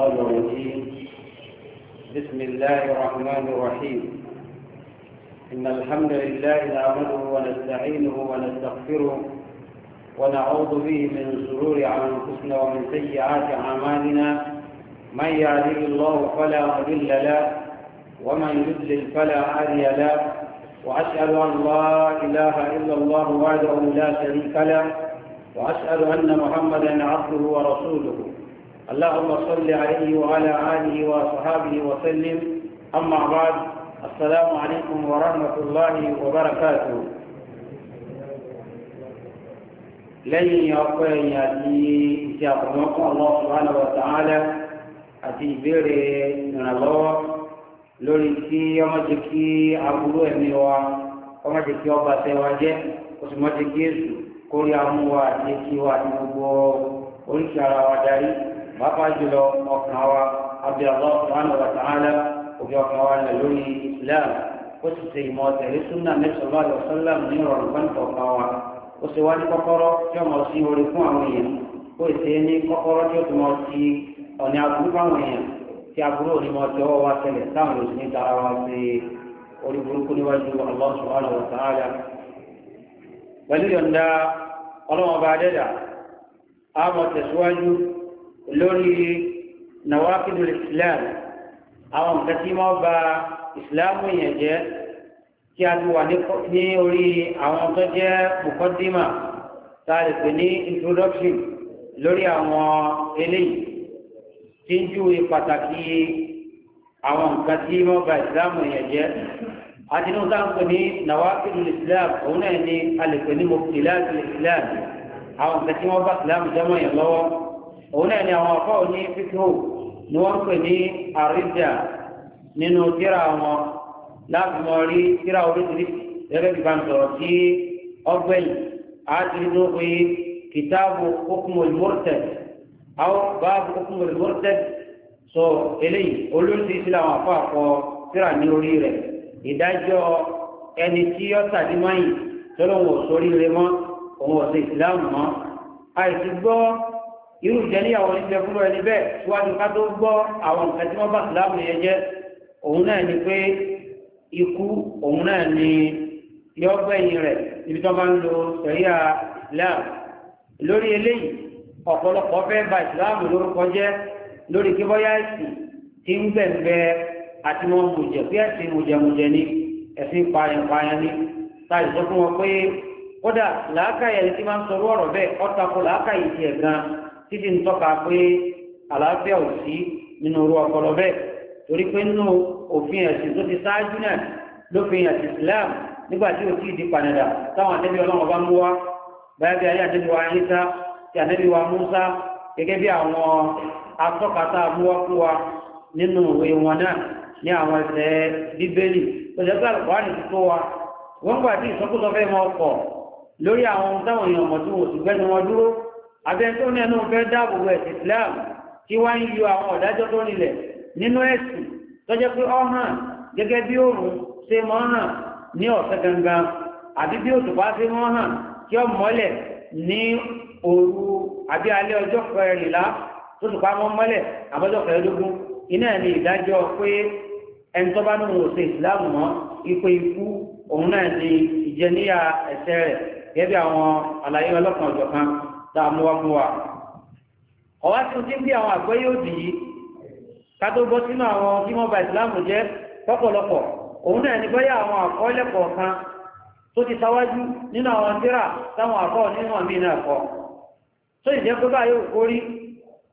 الشيطان الرجيم بسم الله الرحمن الرحيم إن الحمد لله نعمله ونستعينه ونستغفره ونعوذ به من شرور أنفسنا ومن سيئات أعمالنا من يهده الله فلا مضل له ومن يضلل فلا هادي له وأشهد أن لا إله إلا الله وحده لا شريك له وأشهد أن محمدا عبده ورسوله اللهم صل عليه وعلى آله وصحابه وسلم أما بعد السلام عليكم ورحمة الله وبركاته lẹ́yìn ọpẹ́ yìí àti ìṣe àpamọ́kún Allah subhanahu wa ta'ala àti ìbéèrè ìrànlọ́wọ́ lórí kí ọmọ jẹ́ kí aburú ẹ̀mí wa ọmọ jẹ́ kí ọba tẹwa jẹ́ oṣù mọ́ kí èṣù kórí amú àti kí wa àti gbogbo oríṣi ara wa darí pàápàá jùlọ ọkàn wa àbí Allah subhanahu wa ta'ala òbí ọkàn wa lẹ lórí islam ó sì ṣe ìmọ̀ tẹ̀lé súnà mẹ́sàn-án bá lọ sọ́lá ní ìrọ̀rùn pẹ́ńtọ̀ ọkàn wa ó sì wá ní kọ́kọ́rọ́ tí ọmọ sí orí fún àwọn èèyàn ó sì ní kọ́kọ́rọ́ tí ó ti mọ sí ọ̀nà àbúrú fáwọn èèyàn tí aburú òní lórí nàwákìlú islam àwọn nǹkan tí wọ́n islam yẹn jẹ́ kí a ti wà ní orí àwọn tó jẹ́ mùkọ́dímà tá a ní introduction lórí àwọn eléyìí tí ń júwe pàtàkì àwọn nǹkan tí wọ́n islam yẹn jẹ́ àti nínú táwọn pè ní nàwákìlú islam òun náà ni a lè pè ní mùkìlá islam àwọn nǹkan tí wọ́n islam jẹ́ mọ́ yẹn lọ́wọ́ òun náà ni àwọn afọ́ ní fífò ni wọ́n pè ní àríjà nínú kíra wọn láti mọ rí kíra oríṣiríṣi gẹ́gẹ́ bí bá ń sọ̀rọ̀ sí ọgbẹ́yìn àti nínú pé kìtáàbù okùnmọ̀lì mọ́tẹ̀ àwọn báàbù okùnmọ̀lì mọ́tẹ̀ sọ eléyìí olóṣìṣẹ́ làwọn afọ́ àkọ́ kíra ní orí rẹ̀ ìdájọ́ ẹni tí ó tàbí mọ́yìn tọ́lọ́wọ̀ sórí rẹ̀ mọ́ òun ọ̀sẹ̀ ìsìláàmù mọ́ àìsí irú ìjẹníyàwó ní ìjẹkúrò ẹni bẹ́ẹ̀ síwájú ká tó gbọ́ àwọn nǹkan tí wọ́n bá ìsìláàmù yẹn jẹ́ òun náà ni pé ikú òun náà ni yọ gbẹ̀yìn rẹ̀ níbi tó bá ń lo sẹ̀ríà islam lórí eléyìí ọ̀pọ̀lọpọ̀ fẹ́ ba ìsìláàmù lórúkọ jẹ́ lórí kí bọ́yá ẹ̀sìn tí ń gbẹ̀ngbẹ́ àti wọn mùjẹ̀ pé ẹ̀sìn mùjẹ̀mùjẹ̀ ni ẹ̀sìn pààyàn ni táyì sọ fún wọn pé kódà làákàyè ẹni tí máa ń sọ ọ̀rọ̀ bẹ́ẹ̀ ọ̀tàkùn làákàyè tiẹ̀ gan-an títí ń tọ́ka pé àlàáfíà ò sí nínú orú ọpọlọ bẹ́ẹ̀ torí pé nínú òfin ẹ̀sìn tó ti ṣáájú náà lófin ẹ̀sìn Islam nígbà tí ò tí ì di panadà táwọn àtẹ́bí ọlọ́run bá mú wá báyá bí ayé àtẹ́bí wa ayéta ti àtẹ́bí wa Musa gẹ́gẹ́ bí àwọn atọ́kata mú wá fún wa nínú ìwé wọn náà ní àwọn ẹsẹ̀ bíbélì tó jẹ́ pé àlùkò àti tó wa wọ́n gbà tí ìsọkúsọ fẹ́ mọ́ ọkọ̀ lórí àwọn ohun táwọn èèyàn mọ̀ tí wọ́n sì gbẹ́nu wọn dúró abẹ́ntó náà náà fẹ́ dáàbò wẹ̀ islam tí wá ń yọ àwọn ọ̀dájọ́ tó nílẹ̀ nínú ẹ̀sìn tó jẹ́ pé ọ̀hàn gẹ́gẹ́ bí òòrùn ṣe mọ́ hàn ní ọ̀sẹ̀ gangan àbí bí òṣùpá ṣe mọ́ hàn kí ọ mọ́lẹ̀ ní òru àbí alẹ́ ọjọ́ kẹrìnlá tó ṣùpá mọ́ mọ́lẹ̀ àbọ́jọ́ kẹrìndógún iná ẹ̀ ní ìdájọ́ pé ẹni tó bá nínú òṣè islam mọ́ ipò ikú òun náà ní ìjẹníyà ẹ̀ṣẹ̀ rẹ̀ gẹ́gẹ́ bí àwọn àlàyé ọlọ́kan kan. tá a mú wá fún wa ọ̀wá tuntun bí àwọn àgbẹ̀ yóò dì í ká tó bọ́ sínú àwọn tí wọ́n ba ìsìláàmù jẹ́ òun náà ní bóyá àwọn àkọọ́lẹ̀ kọ̀ọ̀kan tó ti sáwájú nínú àwọn tíra táwọn ọ nínú àmì náà kọ́ tó pé báyìí ò kórí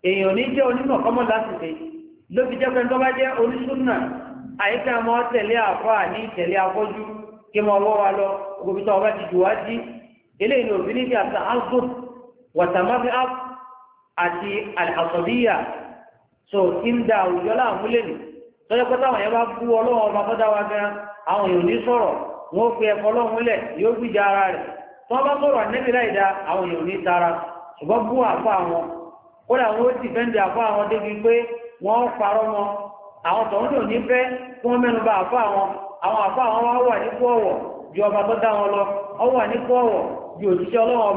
èèyàn ní ló fi pé oníṣúnà àyíká tẹ̀lé àní tẹ̀lé wata àti àlàsọ̀díyà so ìdá àwùjọ láàmú ni nì tọ́jọ́ pé táwọn yẹn bá bú ọba tó dá wa gan àwọn èèyàn ní sọ̀rọ̀ wọn ó fi ẹ̀kọ́ ọlọ́run ara rẹ̀ tí bá sọ̀rọ̀ ànẹ́bí láì àwọn èèyàn tara ṣùgbọ́n bú àfọ àwọn kódà wọn ó ti fẹ́ǹdì àfọ àwọn débi pé wọ́n parọ́ wọn àwọn tọ̀hún tó ní fẹ́ kí wọ́n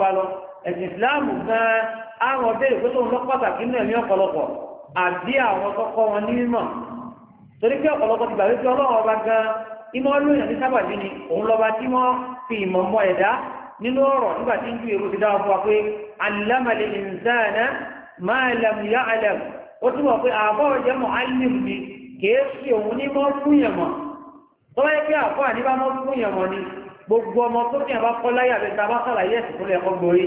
mẹ́nu ẹ̀sìn ìsìláàmù gan-an àwọn ọdẹ ìpínlẹ̀ òun lọ pàtàkì nínú ẹ̀mí ọ̀pọ̀lọpọ̀ àbí àwọn kọ́kọ́ wọn ní mímọ̀ torí pé ọ̀pọ̀lọpọ̀ ti gbàgbé pé ọlọ́run ọba gan-an ìmọ̀ lóyún ní sábàbí ni òun lọ́ba tí wọ́n fi ìmọ̀ mọ ẹ̀dá nínú ọ̀rọ̀ nígbà tí ń ju èrò ti dá ọkọ̀ pé alámàlẹ̀ ìǹsáàná máa lẹ̀mú yá alẹ̀m ó tún wọ̀ pé àbọ̀ ọ̀jẹ́ mọ̀ alìm ni kìí òun ní mọ́ fúnyàn mọ̀ tó yẹ pé àbọ̀ àní fúnyàn mọ̀ ni gbogbo ọmọ tó fi hàn bá kọ́ láyà bẹ́ẹ̀ tá a ẹ̀sìn tó lẹ́kọ́ gborí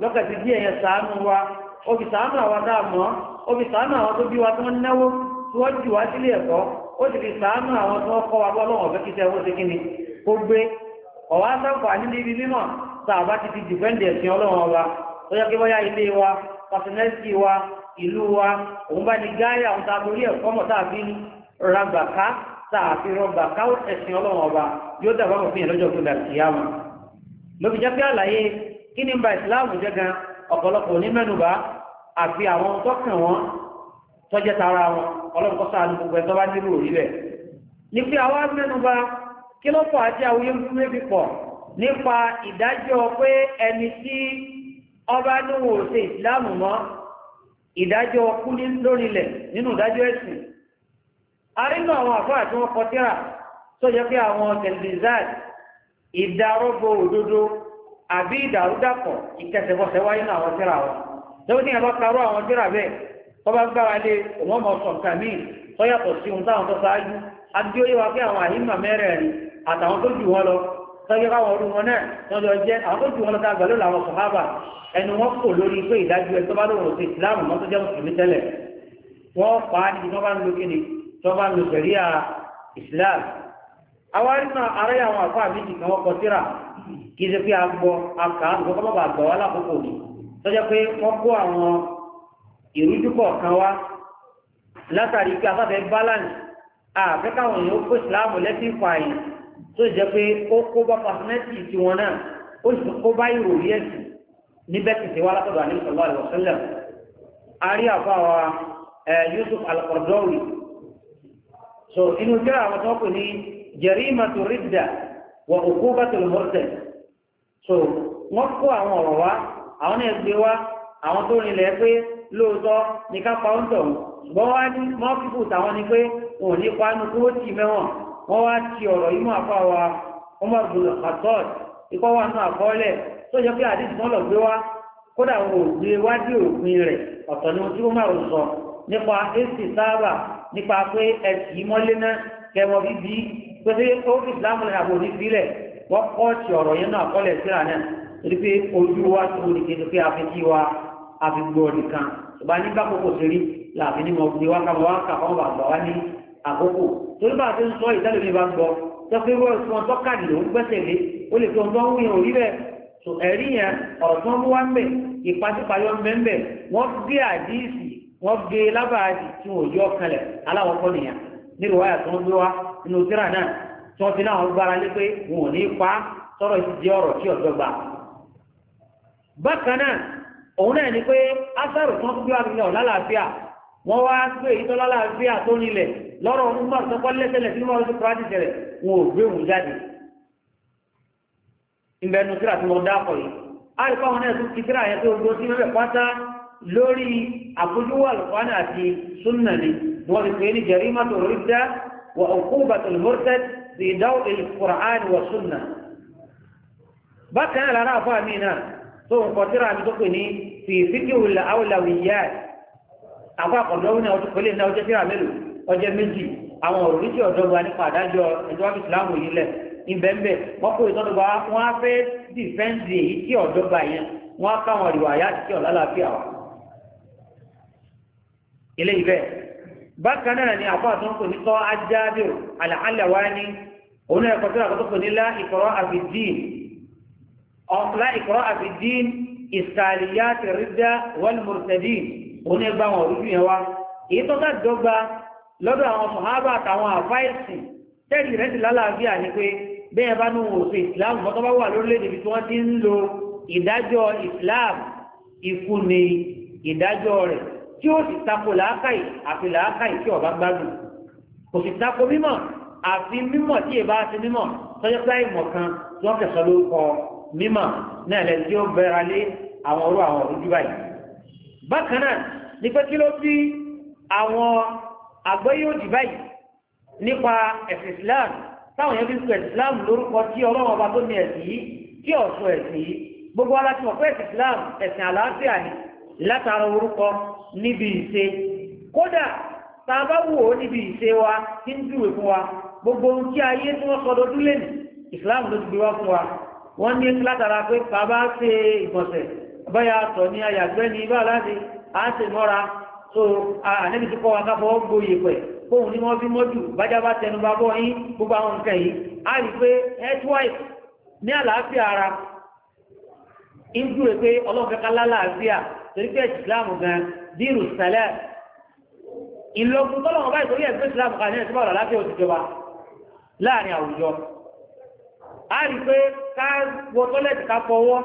lọ́kàtí díẹ̀ yẹn sàánú wa ó fi sàánú àwọn dáàmọ́ ó fi àwọn tó bí wa tó náwó tí wọ́n jù wá sílé ẹ̀kọ́ ó fi sàánú àwọn tó kọ́ wa bọ́ lọ́wọ́ kó gbé ọ̀wá sáfà nílé ibi mímọ̀ tá a bá ti fi dìfẹ́ǹdì wa pàṣẹnẹ́sì wa ìlú wa òun bá ní gáyà ta ẹ̀kọ́ mọ̀ tá a fi ra gbàká tá ọba yóò kí ni ba ìsìláàmù jẹ́ gan ọ̀pọ̀lọpọ̀ ní mẹ́nubà àfi àwọn tọ́kàn wọn tọ́jẹ́ tara wọn ọlọ́run kọ́ sáà ní gbogbo ẹ̀ tó bá nílò rí rẹ̀ ní pé àwa mẹ́nubà kí ló pọ̀ àti àwòye ń fún ebi pọ̀ nípa ìdájọ́ pé ẹni tí ọba níwò ṣe ìsìláàmù mọ́ ìdájọ́ kú ní lórílẹ̀ nínú ìdájọ́ ẹ̀sìn arínú àwọn àfáà tí wọ́n kọ tíra tó jẹ́ pé àwọn tẹ̀lifíṣáàt ìdárọ́gbò òdodo àbí ìdàrúdàpọ̀ ìkẹsẹ̀bọsẹ̀ wáyé náà àwọn tíra wọn lọ́wọ́ ní ẹ̀bá karú àwọn tíra bẹ́ẹ̀ tó bá gbára lé òun ọmọ sọ̀tà míì tó yàtọ̀ sí ohun táwọn tó ṣáájú adúlé wa pé àwọn àyíǹmà mẹ́rẹ̀ẹ̀rin àtàwọn tó jù wọn lọ tọ́jọ́ káwọn ọdún wọn náà wọ́n lọ jẹ́ àwọn tó jù wọn lọ tá àgbàlódé àwọn sọ̀hábà ẹnu wọn kò lórí pé ìdájú ẹ tó bá lòrò àfáà méjì kan wọ́n síra kì í ṣe pé a gbọ́ a kà á nǹkan kọ́mọ́bà gbọ́ wá lákòókò ni tọ́jà pé wọ́n kó àwọn ìrújúkọ̀ kan wá látàrí pé afáfẹ́ balance àfẹ́ káwọn èèyàn kó ìsìláàmù lẹ́sìn fààyè tó jẹ́ pé ó kó bá pàṣẹmẹ́tì tiwọn náà ó sì kó bá ìròyìn ẹ̀sìn níbẹ̀ sì ti wá látọ̀dọ̀ àní sọ̀rọ̀ àlọ́ sẹ́lẹ̀ àárí àfáwa Yusuf al-Qaradawi so inú jẹ́ àwọn tó kù ní jẹ̀rí màtò wọ òkú bàtẹ̀lẹ̀ mọ́tẹ̀ so wọ́n kó àwọn ọ̀rọ̀ wá àwọn náà gbé wá àwọn tó rinlẹ̀ pé lóòótọ́ ní ká pa oúnjẹ òun ṣùgbọ́n wá ní mọ́kìkù táwọn ni pé òun ní panu kúrò tì mẹ́wọ̀n wọ́n wá ti ọ̀rọ̀ yìí mọ́ àpá wa ọmọ ìbùdó àtọ́ọ̀d ikọ́ wa nù àkọọ́lẹ̀ tó yẹ pé àdéhùn wọn lọ gbé wá kódà wọn ò gbé wádìí òpin rẹ̀ ọ̀tọ̀ ni wọn tí wọ́n máa sọ nípa èsì sáábà nípa pé ẹ̀sìn mọ́lé náà kẹmọ bíbí pẹ̀lú orí Islam ní àbò òdìsí rẹ̀ wọ́n kọ́ ọ̀tì ọ̀rọ̀ yẹn náà kọ́lẹ̀ síra náà torí pé ojú wa tó ní kí ni pé àfikí wa àfigbọ́ nìkan ṣùgbọ́n nígbà kókò sórí làbí ní mọ̀gbìn wa kà wọ́n kà wọ́n bà gbà wá ní àkókò torí bá a ti ń sọ ìdálẹ́ mi bá gbọ́ tọ́pẹ́ wọ́n fún ọ tọ́kàdì ló ń gbẹ́sẹ̀ lé ó lè fi ọjọ́ ń wíyàn orí bẹ́ẹ̀ tó ẹ̀rí yẹn ọ̀rọ̀ tó ń wá ń bẹ̀ ìpàsípàyọ́ ń bẹ̀ ń bẹ̀ wọ́n gé àdíìsì wọ́n gé lábàádì tí wọ́n yọ kalẹ̀ aláwọ̀ kọ́ nìyẹn nílùú wáyà tó ń gbé wá nínú tíra náà tí wọ́n ti náà gbára lé pé wọn ò ní pa sọ̀rọ̀ ìsìdí ọ̀rọ̀ tí ọ̀dọ́ gbà. bákan náà òun náà ni pé asáró tí wọ́n gbé wá nílẹ̀ ọ̀lálàáfíà wọ́n wá gbé ìtọ́ lálàáfíà tó nílẹ̀ lọ́rọ̀ umar tó kọ́ lẹ́sẹ̀lẹ̀ sínú ọdún practice rẹ̀ wọn ò gbé òun jáde. ìbẹ̀nu tíra tí wọ́n dákọ̀ yìí a rí náà tún ti tíra yẹn tó gbó sí lórí àbójúwà lùkọ́nà ورسلين جريمة الردة وعقوبة المرتد في ضوء القرآن والسنة بكنا لنا فاهمين ثم فترة بتقني في فكر الأولويات أفاق لونا وتقولي أنه جسر عمله وجمجي أما ورسي ودوبة نقع داجو إدواب إسلام ويلة ìbẹ̀m̀bẹ̀ wọ́n kó ìtọ́dọ̀gbà wọ́n á fẹ́ dìfẹ́ǹdì èyí tí ọ̀dọ́gba yẹn wọ́n á káwọn ìwà yá tí ọ̀lá láàfíà wà. ilé ìbẹ̀ bákan náà ni àbá tó ń pè ní tọ́ ajáde àlàálẹ̀wá ni òun náà kọ̀tún àkọ́tún pè ní lá ìkọ̀rọ̀ àfìdín ọ̀pọ̀lá ìkọ̀rọ̀ àfìdín ìsàlìyà tẹ̀rídà wọ́lmùrtẹ̀dín òun náà gbá wọn orí yẹn wá èyí tó ká dọ́gba lọ́dọ̀ àwọn sọ̀hábà àtàwọn àfáìsì tẹ́lì rẹ̀ ti lálàáfíà ni pé bẹ́ẹ̀ bá ní òṣè islam mọ́tọ́ wà lórílẹ̀-èdè bí wọ́n ti ń lo ìdájọ́ islam ikú ìdájọ́ rẹ̀ tí ó sì tako làákàyè àfi làákàyè tí ọba gbádùn kò sì tako mímọ̀ àfi mímọ̀ tí èbá ti mímọ̀ tọ́jọ́ pé ìmọ̀ kan tí wọ́n kẹsàn ló kọ mímọ̀ náà lẹ́yìn tí ó bẹ̀rẹ̀ lé àwọn orú àwọn òrùjú báyìí. bákan náà ní pé kí ló fi àwọn àgbọ́yé òdì báyìí nípa ẹ̀sìn Islam táwọn yẹn fi ń pè Islam lórúkọ tí ọlọ́wọ́n ọba tó ní ẹ̀sìn yìí kí ọ̀sùn ẹ̀sìn yìí gbogbo aláṣẹ ọ̀pẹ́ ẹ̀sìn Islam ẹ̀sìn àlàáfíà ni látara orúkọ níbi ìṣe kódà tá wò ó níbi ìṣe wa tí ń júwe fún wa gbogbo ohun tí ayé tí wọ́n sọ dojú nì ìsìláàmù ló ti gbé wá fún wa wọ́n ní látara pé bàbá ṣe ìgbọ̀nsẹ̀ báyà sọ ní ayàgbẹ́ ní ibà láti à ń ṣe mọ́ra so ànẹ́bí ti kọ́ wa ká fọwọ́ pẹ̀ kóhun ní wọ́n fi mọ́jú bájá bá tẹnu bá bọ́ yín gbogbo àwọn nǹkan yìí a rí pé headwife ní àlàáfíà ara ń júwe pé ọlọ́fẹ́ lálàáfíà torí pé ìsìláàmù gan dírù sẹlẹ̀ ìlọ́gun tọ́lọ̀ wọn báyìí torí ẹ̀sìn ìsìláàmù kan ní ẹ̀sìn bọ́ọ̀lù aláfẹ́ òṣìṣẹ́wà láàrin àwùjọ a rí pé ká wọ tọ́lẹ̀tì ká fọwọ́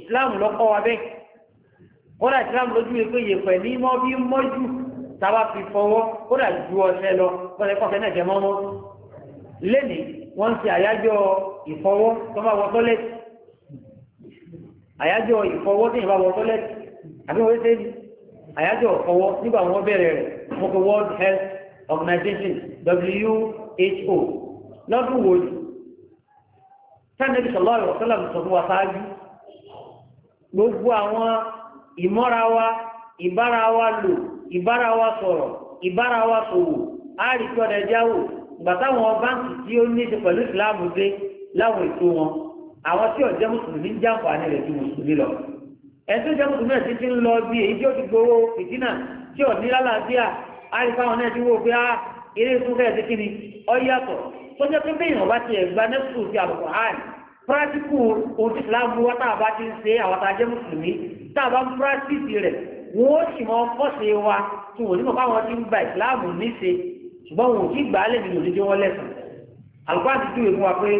ìsìláàmù lọ́kọ́ wa bẹ́ẹ̀ kódà ìsìláàmù lójú rẹ pé yèpẹ̀ ní mọ́ bí mọ́ jù táwa fi fọwọ́ kódà ju ọṣẹ lọ kọ́sẹ̀ kọ́sẹ̀ náà jẹ mọ́mọ́ lẹ́nìí wọ́n ń ṣe àyájọ́ ìfọwọ́ wọ tọ́lẹ̀tì àyájọ́ ìfọwọ́ tó bá wọ tọ́lẹ̀tì àbí wọ́n ṣe àyájọ́ ọ̀fọwọ́ nígbà wọ́n bẹ̀rẹ̀ rẹ̀ wọ́n world health organization who lọ́dún wo ni sanabi sallallahu alaihi wasallam sọ fún wa ṣáájú gbogbo àwọn ìmọ́ra wa ìbára wa lò ìbára wa sọ̀rọ̀ ìbára wa sòwò àríkí ọ̀dẹ jáwò ìgbà táwọn báńkì tí ó ní ṣe pẹ̀lú ìsìláàmù dé láwọn ètò wọn àwọn tí ọ̀jẹ́ ẹ̀sùn jẹ́ mùsùlùmí ẹ̀sìn ti ń lọ bí èyí tí ó ti gbowó ìdínà tí ò ní lálàáfíà àrífà wọn náà ti wò pé á ah, eré ìfúnkẹ́ ẹ̀sìn kí ni ọ yàtọ̀ tó jẹ́ pé bẹ́ẹ̀ ìwọ̀n bá ti ẹ̀gbá nẹ́sùn ti àbùkù hàn pírátíkù ohun tí ìsìláàmù wa tá a bá ti ń ṣe àwọn tá a jẹ́ mùsùlùmí tá a bá ń pírátíkì rẹ̀ wọ́n ó sì mọ fọ́ṣe wa tí wọ́n nímọ̀ báwọn ti ń gba ìsìláàmù níṣe ṣùgbọ́n wọn ò tí gbà á lè nínú ìdíjọ́ wọn lẹ́sàn. àlùkò àti túwèé fún wa pé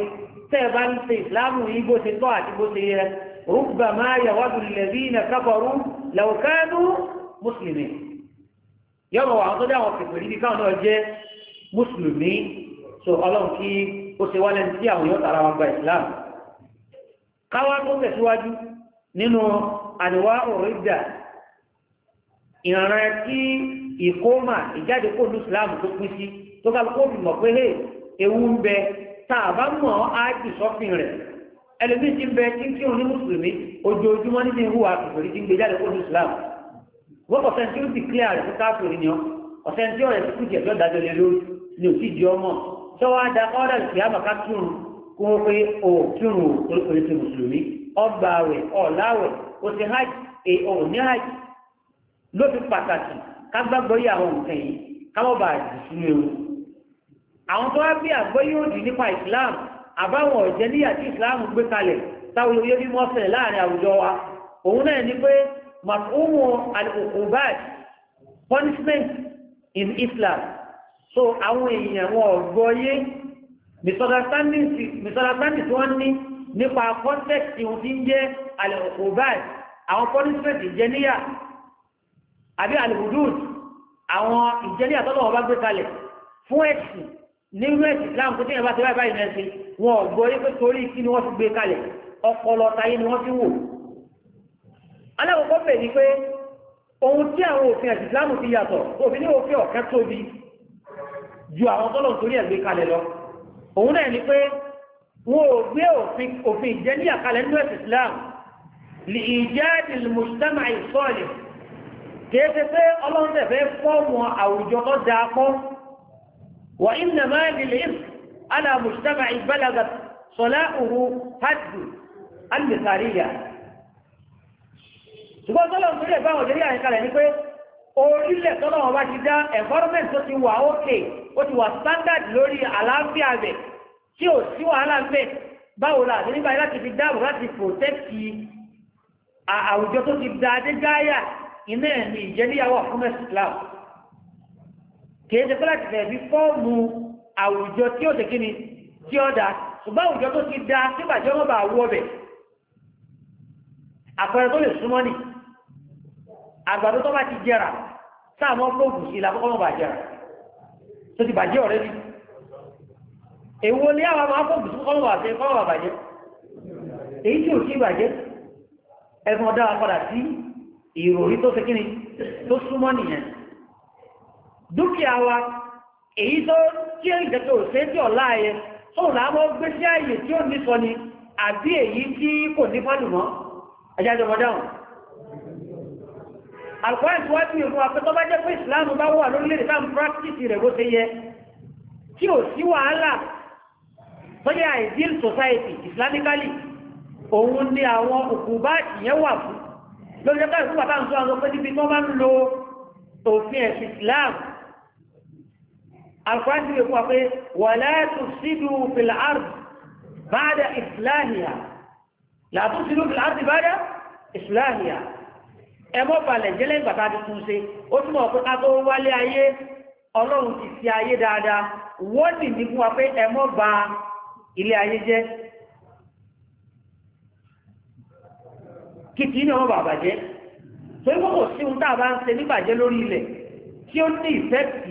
tẹ́ ẹ bá ń ṣe ìsìláàmù yìí bó ṣe tọ́ àti bó ṣe yẹ ربما يود الذين كفروا لو كانوا مسلمين yọ́mọ wà tó dáwọn pẹ̀lú ibi káwọn náà jẹ́ mùsùlùmí so ọlọ́run kí ó ṣe wá lẹ́nu tí àwọn yóò tara wọn gba islam káwá tó tẹ̀síwájú nínú àdìwá ọ̀rọ̀ ìgbà ìran tí ìkómà ìjáde kó ní islam tó pín sí tó kálukó fi mọ̀ pé ewu ń bẹ tá a bá mọ̀ á jù sọ́fin rẹ̀ ẹlòmíì ti bẹ tí kí òní mùsùlùmí ojoojúmọ́ ní ti ń ti ń gbé jáde islam wọ́n kọ̀ ó ti clear rẹ̀ káàkiri ni ọ́ ọ̀sẹ̀ ọ̀rẹ́ ti kújẹ̀ tó dájọ́ lé lórí ni ò sì di ọmọ sọ́wọ́ ọ́dà àmàká túrùn kó pé túrùn ti mùsùlùmí ọgbà ọ̀làwẹ̀ ti hajj e, ní àbáwọn ọ̀jẹ́ níyà tí ìsìláàmù gbé kalẹ̀ táwọn olóyè bí wọ́n fẹ̀ láàrin àwùjọ wa òun náà ni pé màkúmù al-uqubat punishment in Islam so àwọn èèyàn wọn ọ̀gbọ́ yé misunderstanding tí wọ́n ní nípa context ìhun tí ń jẹ́ al-uqubat àwọn punishment ìjẹníyà àbí al-hudud àwọn ìjẹníyà tọ́lọ́wọ́ bá gbé kalẹ̀ fún ẹ̀sìn nínú ẹ̀sìn Islam tó tẹ̀yìn bá ti báyìí báyìí náà ṣe wọn ò gbọ́ yé pé torí kí ni wọ́n ti gbé kalẹ̀ ọpọlọ tayé ni wọ́n ti wò. alákòókò bẹ̀ ni pé ohun tí àwọn òfin ẹ̀sìn Islam ti yàtọ̀ òfin ní òfin ọ̀kẹ́ tóbi ju àwọn tọ́lọ̀ torí ẹ̀ gbé kalẹ̀ lọ. òun náà ni pé wọn ò gbé òfin òfin ìjẹníyà kalẹ̀ nínú ẹ̀sìn Islam lè ìjáde mùsùlùmá ìsọ̀lẹ̀ kì pé ọlọ́run وإنما للإثم على مجتمع بلغت صلاؤه حد المثالية ṣùgbọ́n tọ́lọ̀ tó lè bá Nàìjíríà ní ní pé orílẹ̀ tọ́lọ̀ wọn ti dá environment tó ti wà ókè ó ti wà standard lórí àlàáfíà rẹ̀ tí ò sí wàhálà ń báwo la nígbà láti fi dáàbò láti protect àwùjọ tó ti dáadé gáyà iná ẹ̀mí ìjẹ́níyàwó fún mẹ́sìláàmù kìí ṣe pé láti fẹ̀ bí fọ́ọ̀mù àwùjọ tí ó ṣe kí ni tí ó dáa ṣùgbọ́n àwùjọ tó ti dáa tí bàjẹ́ wọn bá wọ ọbẹ̀ àpẹẹrẹ tó lè súnmọ́ nì àgbàdo tó bá ti jẹrà sáàmù ọgbọ́gùn sí ilà kọ́kọ́ bá jẹrà tó ti bàjẹ́ ọ̀rẹ́ ni èwo ni àwọn máa fọ́ọ̀gùn sí kọ́kọ́ bá ṣe kọ́kọ́ bá bàjẹ́ èyí tí ò sí bàjẹ́ ẹ̀fọn dára padà sí ìròrí tó ṣe ni tó súnmọ́ nìyẹn dúkìá wa èyí tó tí ìjẹ́ tó ṣe tí ọ̀lá ayẹ tó láàmọ́ gbé sí ààyè tí ó ní sọ ni àbí èyí tí kò ní fọ́lùmọ́ ajájọ́ mọ́dáhùn alkọ́rin tí wọ́n fi ìrún apẹ́ tó bá jẹ́ pé ìsìláàmù bá wà lórílẹ̀-èdè tán practice rẹ̀ bó ò sí wàhálà tó yẹ ideal society islamically òun ni àwọn òkú bá ìyẹn wà fún lórí ẹgbẹ́ ìfúnpá táwọn sọ àwọn pé níbi tó bá ń lo òfin ẹ̀sìn islam alkùránì ti fún wa pé wala tufsidu fil ard ba'da islahiya la tufsidu fil ard ba'da islahiya ẹmọ́ balẹ̀ jẹ́lẹ̀ ìgbà tàbí tún ṣe ó túnmọ̀ pé ká tó wálé ayé ọlọ́run ti fi ayé dáadáa wọ́n nì ní fún wa pé ẹmọ́ ba ilé ayé jẹ́ kìtì ní ọmọ bàbà jẹ́ torí kókò sí ohun tá a bá ń ṣe níbàjẹ́ lórí ilẹ̀ tí ó ní ìfẹ́ẹ̀tì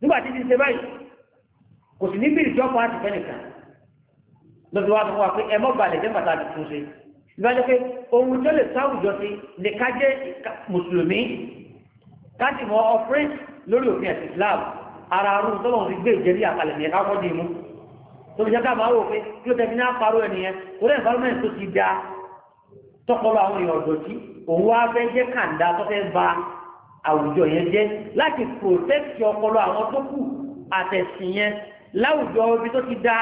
nígbà tí ti ṣe báyìí kò sì ní bí ìjọpọ̀ àti fẹ́nìkan lọ́dún wa fún wa pé ẹ mọ́ balẹ̀ jẹ́ pàtàkì tó ṣe ìgbà jẹ́ pé ohun tó lè sáwùjọ sí ni ká jẹ́ mùsùlùmí ká sì mọ ọ̀fẹ́ lórí òfin ẹ̀sìn Islam ara arú tó lọ́wọ́ fi gbé ìjẹ́rí àkàlẹ̀ nìyẹn ká kọ́ dì mú tó fi jẹ́ ká máa wò pé kí ó tẹ̀sí ní àparó ẹnìyẹn kó lẹ́yìn environment tó ti da tọkọlọ àwọn èèyàn ọ̀dọ̀ tí òun wá fẹ́ jẹ́ kàńdá tó fẹ́ ba àwùjọ yẹn jẹ́ láti protect ọpọlọ àwọn tó kù àtẹ̀sìn yẹn láwùjọ ibi tó ti dá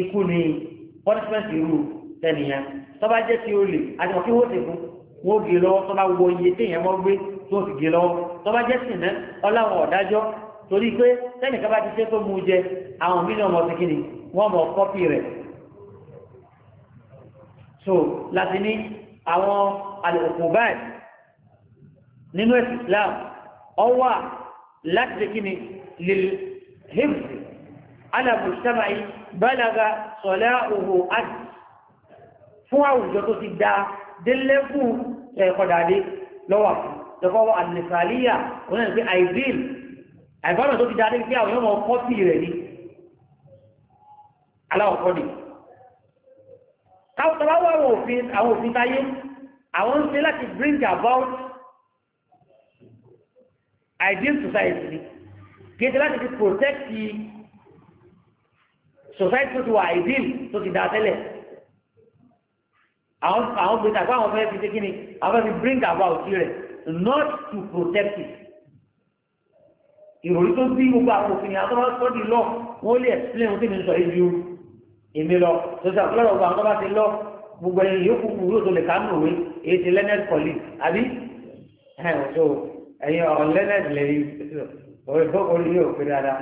ikú ni punishment irú tẹnìyàn tọ́ba jẹ́ ti olè àti ọ̀kí wọ́n ti fún wọ́n gé lọ́wọ́ tọ́ba wọ iye téèyàn mọ́ gbé tó fi gé lọ́wọ́ tọ́ba jẹ́ sìnà ọláwọ̀n ọ̀dájọ́ torí pé tẹ́nìkan bá ti ṣe tó mú jẹ àwọn mílíọ̀nù ọ̀sìn kìíní wọ́n mọ̀ kọ́pì rẹ̀ so láti ní àwọn àlòkù báyìí nínú ẹ̀sìn Islam ọwà láti lè kí ni lè hìfì alábùsámáì bálaga sọ̀lá òhò àti fún àwùjọ tó ti da délẹ́kù ẹ̀kọ́dàdé lọ́wọ́ lọ́wọ́ àlẹ́sàlíyà oníyàn sí àìdíl àìbámọ̀ tó ti da dé pé àwọn ọmọ kọ́pì rẹ̀ ni àwọn òfin táyé àwọn ń ṣe láti bring about ideal society ni kéde láti fi protect society tó ti wà ideal tó ti dá tẹ́lẹ̀ àwọn àwọn gbèsè àgbà àwọn fẹ́ fi ṣe kí ni àwọn fẹ́ fi bring about rẹ̀ not to protect it ìròyìn tó bí gbogbo àwọn òfin yàtọ̀ bá sọ́ọ́dì lọ wọ́n lè explain ohun tí mi ń sọ yìí ju èmi lọ tó sọ àpẹẹrẹ ọgbà àwọn tó bá ti lọ gbogbo ẹni yòókù kúrò tó lè kánú òwe èyí ti learned colleague àbí ẹ̀ ọ̀ ẹ̀yin ọ̀rọ̀ lẹ́nẹ̀dì lẹ́yìn orí yóò pé dáadáa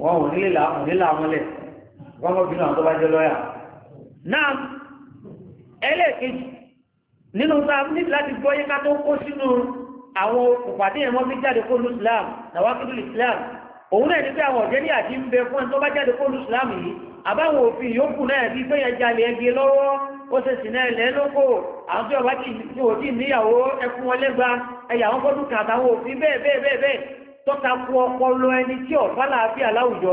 wọn ò nílé làwọn nílé àwọn lẹ̀ wọn kọ́ bínú àwọn tó bá jẹ́ lọ́yà. náà ẹlẹ́ẹ̀kejì nínú tá a ní láti gbọ́ yíká tó kó sínú àwọn òpàdé yẹn wọ́n fi jáde kó lu Islam làwọn akéwì Islam òun náà ní pé àwọn ọ̀jẹ́ ní àti ń bẹ fún ẹni tó bá jáde kó lu Islam yìí àbáwọn òfin yòókù náà ti gbẹ̀yẹ̀ jalè ẹgbẹ́ lọ́wọ́ ó ṣe sì náà ilẹ̀ lóko àwọn tí ọba tí ò tí níyàwó ẹkún wọn lẹ́gba ẹ̀yà wọn kọ́ dúkà àtàwọn òfin bẹ́ẹ̀ bẹ́ẹ̀ bẹ́ẹ̀ bẹ́ẹ̀ tọ́ka ku ọpọlọ ẹni tí ọ̀fà láàbí aláwùjọ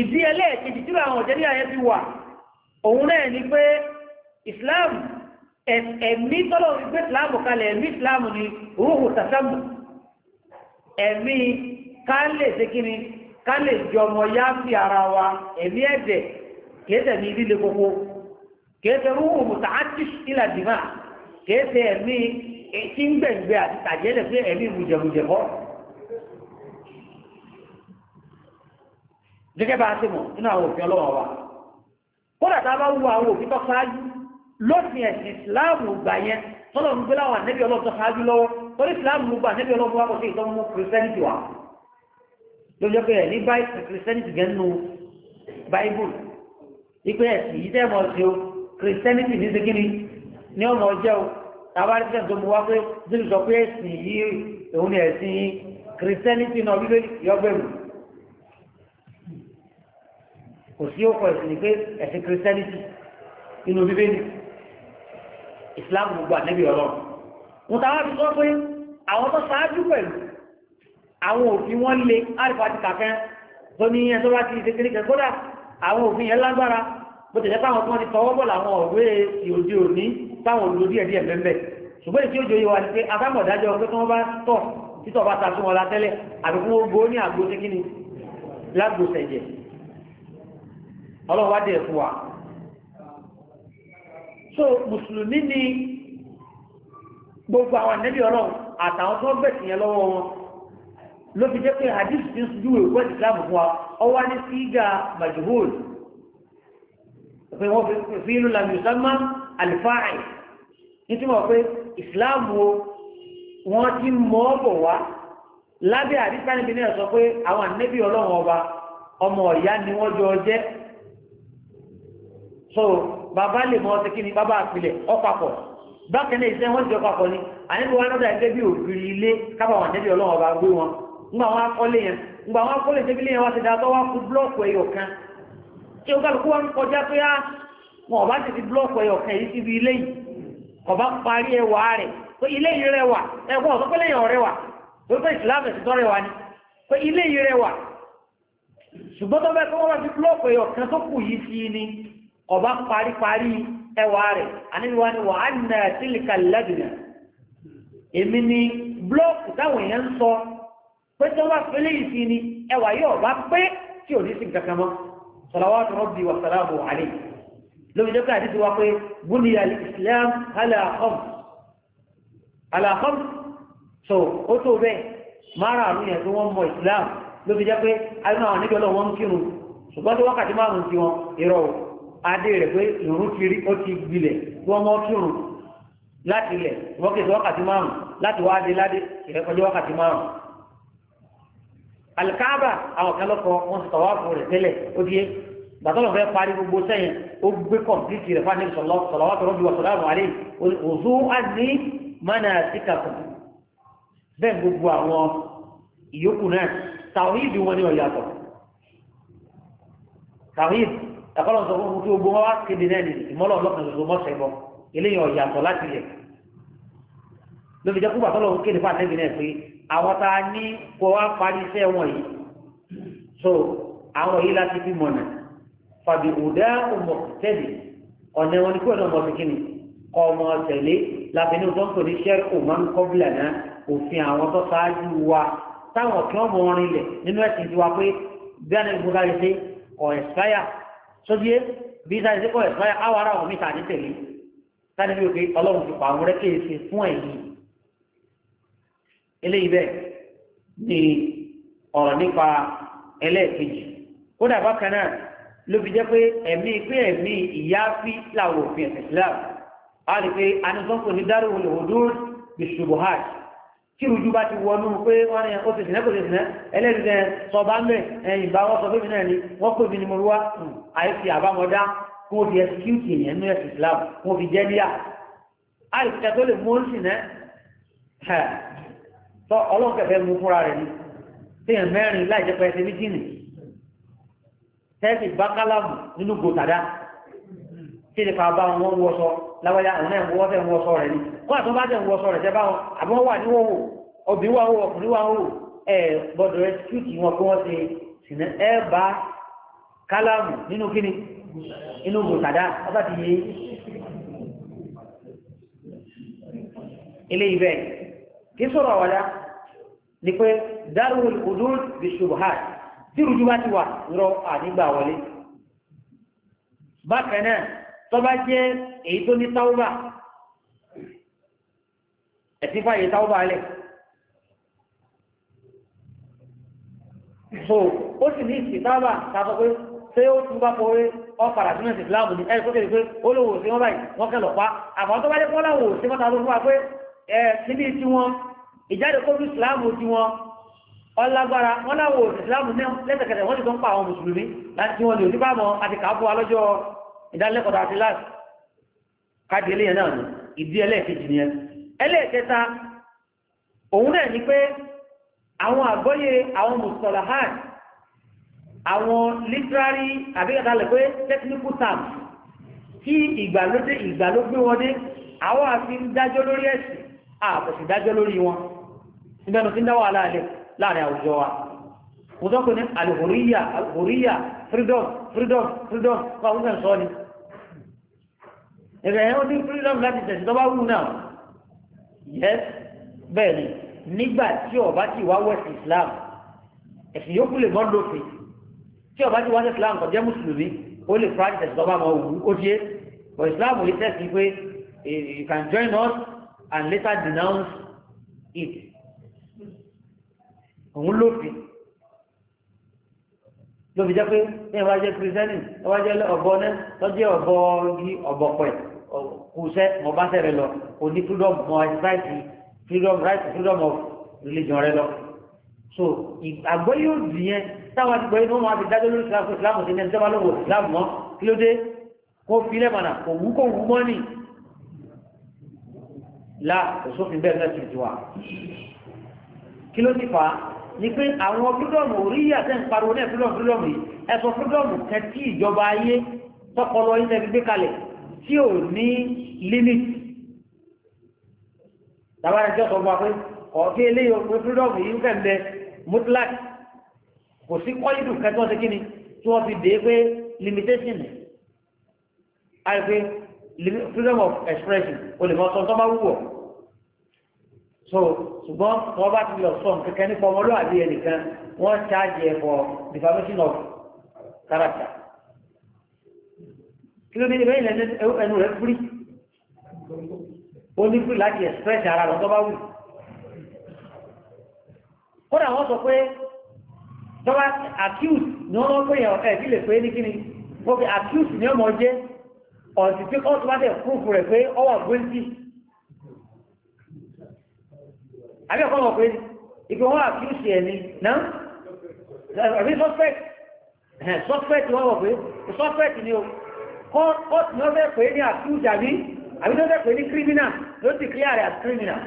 ìdí ẹlẹ́ẹ̀kejì tí àwọn ọ̀jẹ́ níyà yẹn ti wà òun náà ni pé Islam ẹ̀mí tọ́lọ̀ fi gbé ni rúhù tàṣàmù ẹ̀mí wa ẹ̀mí ẹ̀jẹ̀ kìí tẹ̀mí líle gbogbo kéèsè rúhùn mùtàátìs ilà dìmá kéèsè ẹ̀mí tí ń gbẹ̀ngbẹ̀ àti tàjẹ́lẹ̀ pé ẹ̀mí bùjẹ̀bùjẹ̀ bọ́. gẹ́gẹ́ bá a ti mọ̀ nínú àwọn òfin ọlọ́wọ́ wa kódà tá a bá wu àwọn òfin tó ṣáájú lófin ẹ̀sìn ìsìláàmù gbà yẹn tọ́lọ̀ ń gbé láwọn ànẹ́bí ọlọ́run tó ṣáájú lọ́wọ́ torí ìsìláàmù gbà ànẹ́bí ọlọ́run wa wa ló pé ní báyìí kìrìsẹ́nìtì gẹ́ nù báíbù ìpè ẹ̀sìn yìí tẹ́ mọ̀ sí o kìrìsìtẹ́nìtì ní ṣe kíni ní ọmọ ọjọ́ tabarisẹ́ tó mú wá pé jésù sọ pé ẹ̀sìn yìí òun ni ẹ̀sìn yìí kìrìsìtẹ́nìtì náà bíbélì yọgbẹ̀rù kò sí òkò ẹ̀sìn pé ẹ̀sìn kìrìsìtẹ́nìtì inú bíbélì islam gbogbo ànẹ́bí ọlọ́run wọn táwọn fi sọ pé àwọn tó ṣáájú pẹ̀lú àwọn òfin wọn lé àrífà ti tó ní ẹjọ́ bá ṣe kékeré kódà àwọn òfin yẹn lágbára bó tẹ̀lé táwọn tó ń tọwọ́ bọ̀ làwọn ọ̀wé ìòde òní táwọn òdo díẹ̀ díẹ̀ mẹ́mẹ́ ṣùgbọ́n èsì òjò yìí wà ní pé adámọ̀dájọ́ pé tí wọ́n bá tọ̀ títọ̀ bá ta sí wọn la tẹ́lẹ̀ àbíkú wọn gbó ní àgbo ṣe kíni lágbo sẹ̀jẹ̀ ọlọ́wọ́ adé ẹ̀fọ́ wa. so mùsùlùmí ni gbogbo àwọn ànẹ́bí ọlọ́run àtàwọn tó ń bẹ̀sì yẹn lọ́wọ́ wọn ló fi jẹ́ pé hadith ti ń sùdúwèé wọ́n ti dáàbò fún wa ọwọ́ á ní sígá majhul pé wọ́n fi ìlú làmì ìsámá àlùfáàì nítorí wọ́n pé ìsìláàmù wọn ti mọ́ bọ̀ wá lábẹ́ àdìsá níbi náà sọ pé àwọn ànẹ́bí ọlọ́run ọba ọmọ ọ̀yá ni wọ́n jọ jẹ́ so bàbá lè mọ ọtí kí ni bàbá àpilẹ̀ ọ̀pàpọ̀ bákan náà iṣẹ́ wọ́n ti ọ̀pàpọ̀ ni ànẹ́bí wọn lọ́dọ̀ ẹgbẹ́ bí ògiri ilé kábà wọn ànẹ́bí ọlọ́run ọba gbé wọn ńgbà wọn akọ́lé yẹn ńgbà wọn akọ́lé tẹ́bílẹ̀ yẹn wá ti dáa tó wá kú blọ́ọ̀kù ẹyọ kan tí ó kálukú wọn kọjá pé á ah, wọn ọba ti fi búlọ́ọ̀kù ẹyọ kan yìí síbi ilé yìí ọba parí ẹwà rẹ̀ pé ilé yìí rẹwà ẹ̀kọ́ ọ̀sọ́ pẹ́lẹ́ yẹn ọ̀rẹ́wà tó fẹ́ ìsìlámù ẹ̀sìn tọ́ rẹwà ni pé ilé yìí rẹwà ṣùgbọ́n tó fẹ́ kọ́ wọ́n fi búlọ́ọ̀kù ẹyọ kan tó kù yìí sí ni ọba parí parí ẹwà rẹ̀ ni wà á ni búlọ́ọ̀kù táwọn èèyàn ń sọ pé tó wá pẹ́lẹ́ yìí ni ẹwà yóò bá pé tí صلوات ربي وسلامه عليه لو جاءك حديث واقع بني الإسلام على خمس على خمس so ó tó bẹ́ẹ̀ márààrún yẹn tó wọ́n mọ islam ló fi jẹ́ pé àwọn àwọn nígbà lọ́wọ́ ń kírun ṣùgbọ́n tó wákàtí márùn-ún ti wọn irọ́ adé rẹ̀ pé ìrún ti rí ó ti gbilẹ̀ tí wọ́n mọ́ kírun láti ilẹ̀ wọ́n kì í sọ wákàtí márùn-ún láti wá adé ládé ìrẹ́kọjọ́ wákàtí márùn-ún alikaaba àwọn kan lọkọ wọn sọ wá fún rẹ tẹ́lẹ̀ ó di yé gbàtọ́ lọ́fẹ́ parí gbogbo sẹ́yìn ó gbé kọ̀m̀pìtì rẹ̀ fáwọn ẹ̀sọ́ lọ́wọ́ tó rọ́bì wọ̀sọ̀ láàrùn àlẹ́ òzú àdí mánà síkàkùn bẹ́ẹ̀ gbogbo àwọn ìyókù náà tàwíìdì wọn ni ọ̀yàtọ̀ tàwíìdì ẹ̀kọ́lọ́ sọ fún kí gbogbo wa kéde náà ní ìmọ́lọ̀ ọlọ́kan àwọn tá a ní kó wá parí iṣẹ́ wọn yìí so àwọn yìí láti fi mọ̀nà fàbí òdá ọmọ tẹ́lẹ̀ ọ̀nà wọn ni kí ọ̀nà ọmọ fi kíni kọ́ ọmọ tẹ̀lé lábẹ́ni tó ń tò ní ṣẹ́ kò máa ń kọ́ bílà náà òfin àwọn tó ṣáájú wa táwọn kí wọ́n mọ orin lẹ̀ nínú ẹ̀sìn tiwa pé bí a ní gbogbo ká lè ṣe kọ̀ ẹ̀sáyà sóbíé bí sáyà ṣe kọ̀ ẹ̀sáyà á wà ara àwọn mítà ní tẹ̀lé sáyà bí o pé ọlọ́run ti pa àwọn rẹ́kẹ̀ẹ́sì fún ẹ̀yìn eléyìí bẹ́ẹ̀ ni ọ̀rọ̀ nípa ẹlẹ́ẹ̀kejì kódà bákan náà ló fi jẹ́ pé ẹ̀mí pé ẹ̀mí ìyááfí làwọn òfin ẹ̀sìn Islam a lè pe anisọ́kùn ní dárò olùhùdúró bisubuhaj tí ojú bá ti wọnú pé wọ́n ní ó ti sìnẹ́ kò ti sìnẹ́ ẹlẹ́rìí rẹ̀ sọba ń bẹ̀ ẹ̀yìn bá wọ́n sọ fún mi náà ni wọ́n pè mí ni mo wá hmm, àìsí àbámọ́dá kó o di ẹsikúùtì èèyàn ní ẹ̀sìn Islam kó o fi jẹ́ níyà àìsí tó lè mú ó sìnẹ́ tọ́ ọlọ́run kẹfẹ́ mú fúnra rẹ̀ ni téèyàn mẹ́rin láì jẹ́ pẹ́ẹ́sẹ́ méjì nì tẹ́sí bákálàmù nínú gòtàdá tí lè fa bá wọn wọṣọ láwáyá àwọn náà wọ́n fẹ́ wọṣọ rẹ̀ ni wọ́n àtọ́ bá jẹ́ wọṣọ rẹ̀ jẹ́ báwọn àbí wọ́n wà ní wọ́wọ́ obìnrin wà wọ́wọ́ ọkùnrin wà wọ́wọ́ ẹ gbọ́dọ̀ rẹ kíkì wọn kí wọ́n ṣe sìnà ẹ bá kálàmù nínú kíni inú gòtàdá ọba ti yé ilé ibẹ̀ kì í sọ̀rọ̀ àwàdà ni pé darul hudud bi shubuhat tí rújú bá ti wà rọ àdígbà wọlé bákan náà tó bá jẹ́ èyí tó ní táwọ́bà ẹ̀sìn fàyè táwọ́bà lẹ̀ so ó sì ní ìsìtáwọ́bà tàbí pé ṣé ó tún bá fọwé ọ̀pàdà sínú ẹ̀sìn ìsìláàmù ní ẹ̀rí kókèrè pé ó lówó sí wọn báyìí wọ́n kẹ́ lọ́pàá àmọ́ tó bá jẹ́ kọ́láwò sí wọn tàbí fún wa pé ẹ̀ síbi tí wọ́n ìjáde kó fi ìsìláàmù tí wọn ọlágbára wọn láwọ ìsìláàmù náà lẹ́sẹ̀kẹsẹ̀ wọ́n ti tó ń pa àwọn mùsùlùmí láti wọn ní oníbàmọ́ àti kàáfù alọ́jọ́ ìdánilẹ́kọ̀ọ́ àti láti káàdì eléyàn náà nù ìdí ẹlẹ́ẹ̀kejì ni ẹ ẹlẹ́ẹ̀kẹta òun náà ni pé àwọn àgbọ́yé àwọn mùsùlùmí àwọn literary àbíkàtà lè pé technical terms tí ìgbàlódé ìgbàlógbé wọn dé àwọn àfi ń dájọ́ lórí ẹ̀sìn àkọsí dájọ́ lórí wọn níbẹ̀ ló ti ń dá wàhálà alẹ́ láàrin àwùjọ wa mo ní alihuriya alihuriya freedom freedom freedom fún àwọn ìgbà sọ ni ẹ̀rẹ̀ ẹ̀ ní freedom láti tẹ̀sí tó bá wù náà yes bẹ́ẹ̀ ni nígbà tí ọba ti wá west islam ẹ̀sìn yókù lè mọ́ lófin tí ọba ti wá west islam kò jẹ́ mùsùlùmí ó lè practice tó bá máa wù ó ṣe but islam lè tẹ̀sí pé eh, you can join us and later denounce it òun lófin lófin jẹ́ pé ní ìwà jẹ́ kìrìsẹ́nì ìwà jẹ́ ọ̀bọ náà lọ́jẹ́ ọ̀bọ yí ọ̀bọ pẹ̀ kù sẹ́ mo bá sẹ́rẹ̀ lọ o ní freedom of right freedom right freedom of religion rẹ lọ so àgbọ̀ yóò dì yẹn táwọn àti gbọ̀yìn wọn àti dájọ́ lórí ìsìlámù ìsìlámù sí ní ẹni tó bá lọ́wọ́ ìsìlámù mọ́ kí ló dé kó filẹ̀ mọ̀nà kò wú kò wú mọ́ kí ló ti fà á ni pé àwọn fúdọ̀mù orí yàtẹ̀ ń pariwo náà fúdọ̀mù fúdọ̀mù yìí ẹ̀sọ́ fúdọ̀mù kẹtí ìjọba ayé tọkọlọ yín tẹ́fi gbé kalẹ̀ tí ò ní límìt tàbára jọ́ sọ fún wa pé ọ̀ọ́kí eléyìí pé fúdọ̀mù yìí ń kẹ́ǹdẹ mutlak kò sí kọ́yìdù kẹtọ́ sí kíni tí wọ́n fi dé pé limitation àìpé freedom of expression olùmọ̀sán tó bá wù so ṣùgbọ́n wọ́n bá ti lọ sọ nǹkankan nípa ọmọlúwàbí ẹnìkan wọ́n ṣáàjì ẹ̀ for defamation of character. kí ló dé ibẹ̀ yìí lẹ́nu ẹnu rẹ̀ fúri ó ní fúri láti express ara rẹ̀ tó bá wù. kódà wọ́n sọ pé tọ́ba accuse ni wọ́n lọ́ọ́ pé yẹn ẹ̀ fi lè pé ní kíni wọ́n fi accuse ni ọmọ jẹ́ ọ̀sìn tí kọ́ọ̀tù bá tẹ̀ fún rẹ̀ pé ọwọ́ àgbóǹtì. àbí ọkọ mọ̀ pé ìpè wọn àkíyèsí ẹ̀ ni ná àbí suspect suspect wọn mọ̀ pé suspect ni o court ni wọ́n fẹ́ pè é ní accused àbí àbí tó fẹ́ pè é ní criminal ló ti clear rẹ̀ as criminal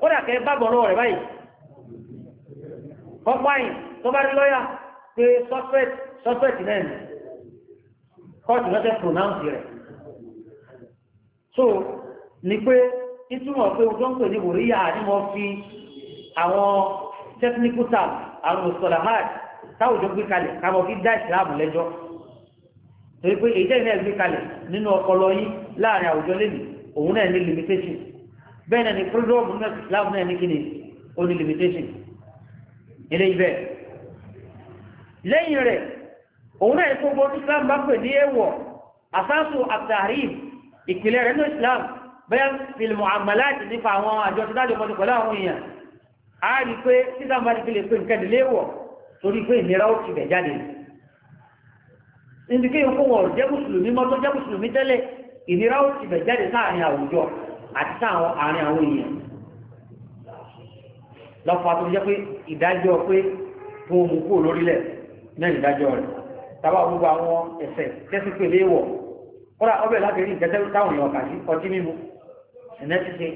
ó dà kẹ́ bá gbọ́n lọ́wọ́ rẹ̀ báyìí kọ́pọ̀ àyìn tó bá rí lọ́yà pé suspect suspect náà ni court ló fẹ́ pronounce rẹ̀ so ni pé ìtumọ̀ pé ojú ń pè ní wòríyà ni wọ́n fi àwọn technical term àwọn mùsùlùmáàdì táwùjọ gbé kalẹ̀ káwọn fi dá ìsìláàmù lẹ́jọ́ torí pé èyí tẹ́lẹ̀ gbé kalẹ̀ nínú ọpọlọ yín láàrin àwùjọ lẹ́nu òun náà ní limitation bẹ́ẹ̀ náà ni freedom náà ìsìláàmù náà ní kíni ó ní limitation ilé ibẹ̀ lẹ́yìn rẹ̀ òun náà ìfowópamọ́ islam bá pè ní èèwọ̀ àsáàsù àtàrí ìpìlẹ̀ rẹ̀ ní islam bẹ́ẹ̀ fílmù àmàláàtì nípa àwọn àjọ tó dájọ́ mọ́tò pẹ̀lú àwọn èèyàn a rí pé títà máa fi lè pé nǹkan ìdílé wọ̀ torí pé ìnira ó ti bẹ̀ jáde níbi kéèyàn kó wọ̀ jẹ́ mùsùlùmí mọ́ tó jẹ́ mùsùlùmí tẹ́lẹ̀ ìnira ó ti bẹ̀ jáde sáàrin àwùjọ àti sáàrin àwọn èèyàn lọ́fà tó jẹ́ pé ìdájọ́ pé tó mú kúrò lórílẹ̀ náà ìdájọ́ rẹ̀ tàbá gbogbo àwọn ẹ̀ṣẹ̀ tẹ́sí pèlè wọ̀ kọ́ra ọbẹ̀ láti rí ìtẹ́tẹ́ táwọn èèyàn kà sí ọtí mímu ẹ̀nà ti ṣe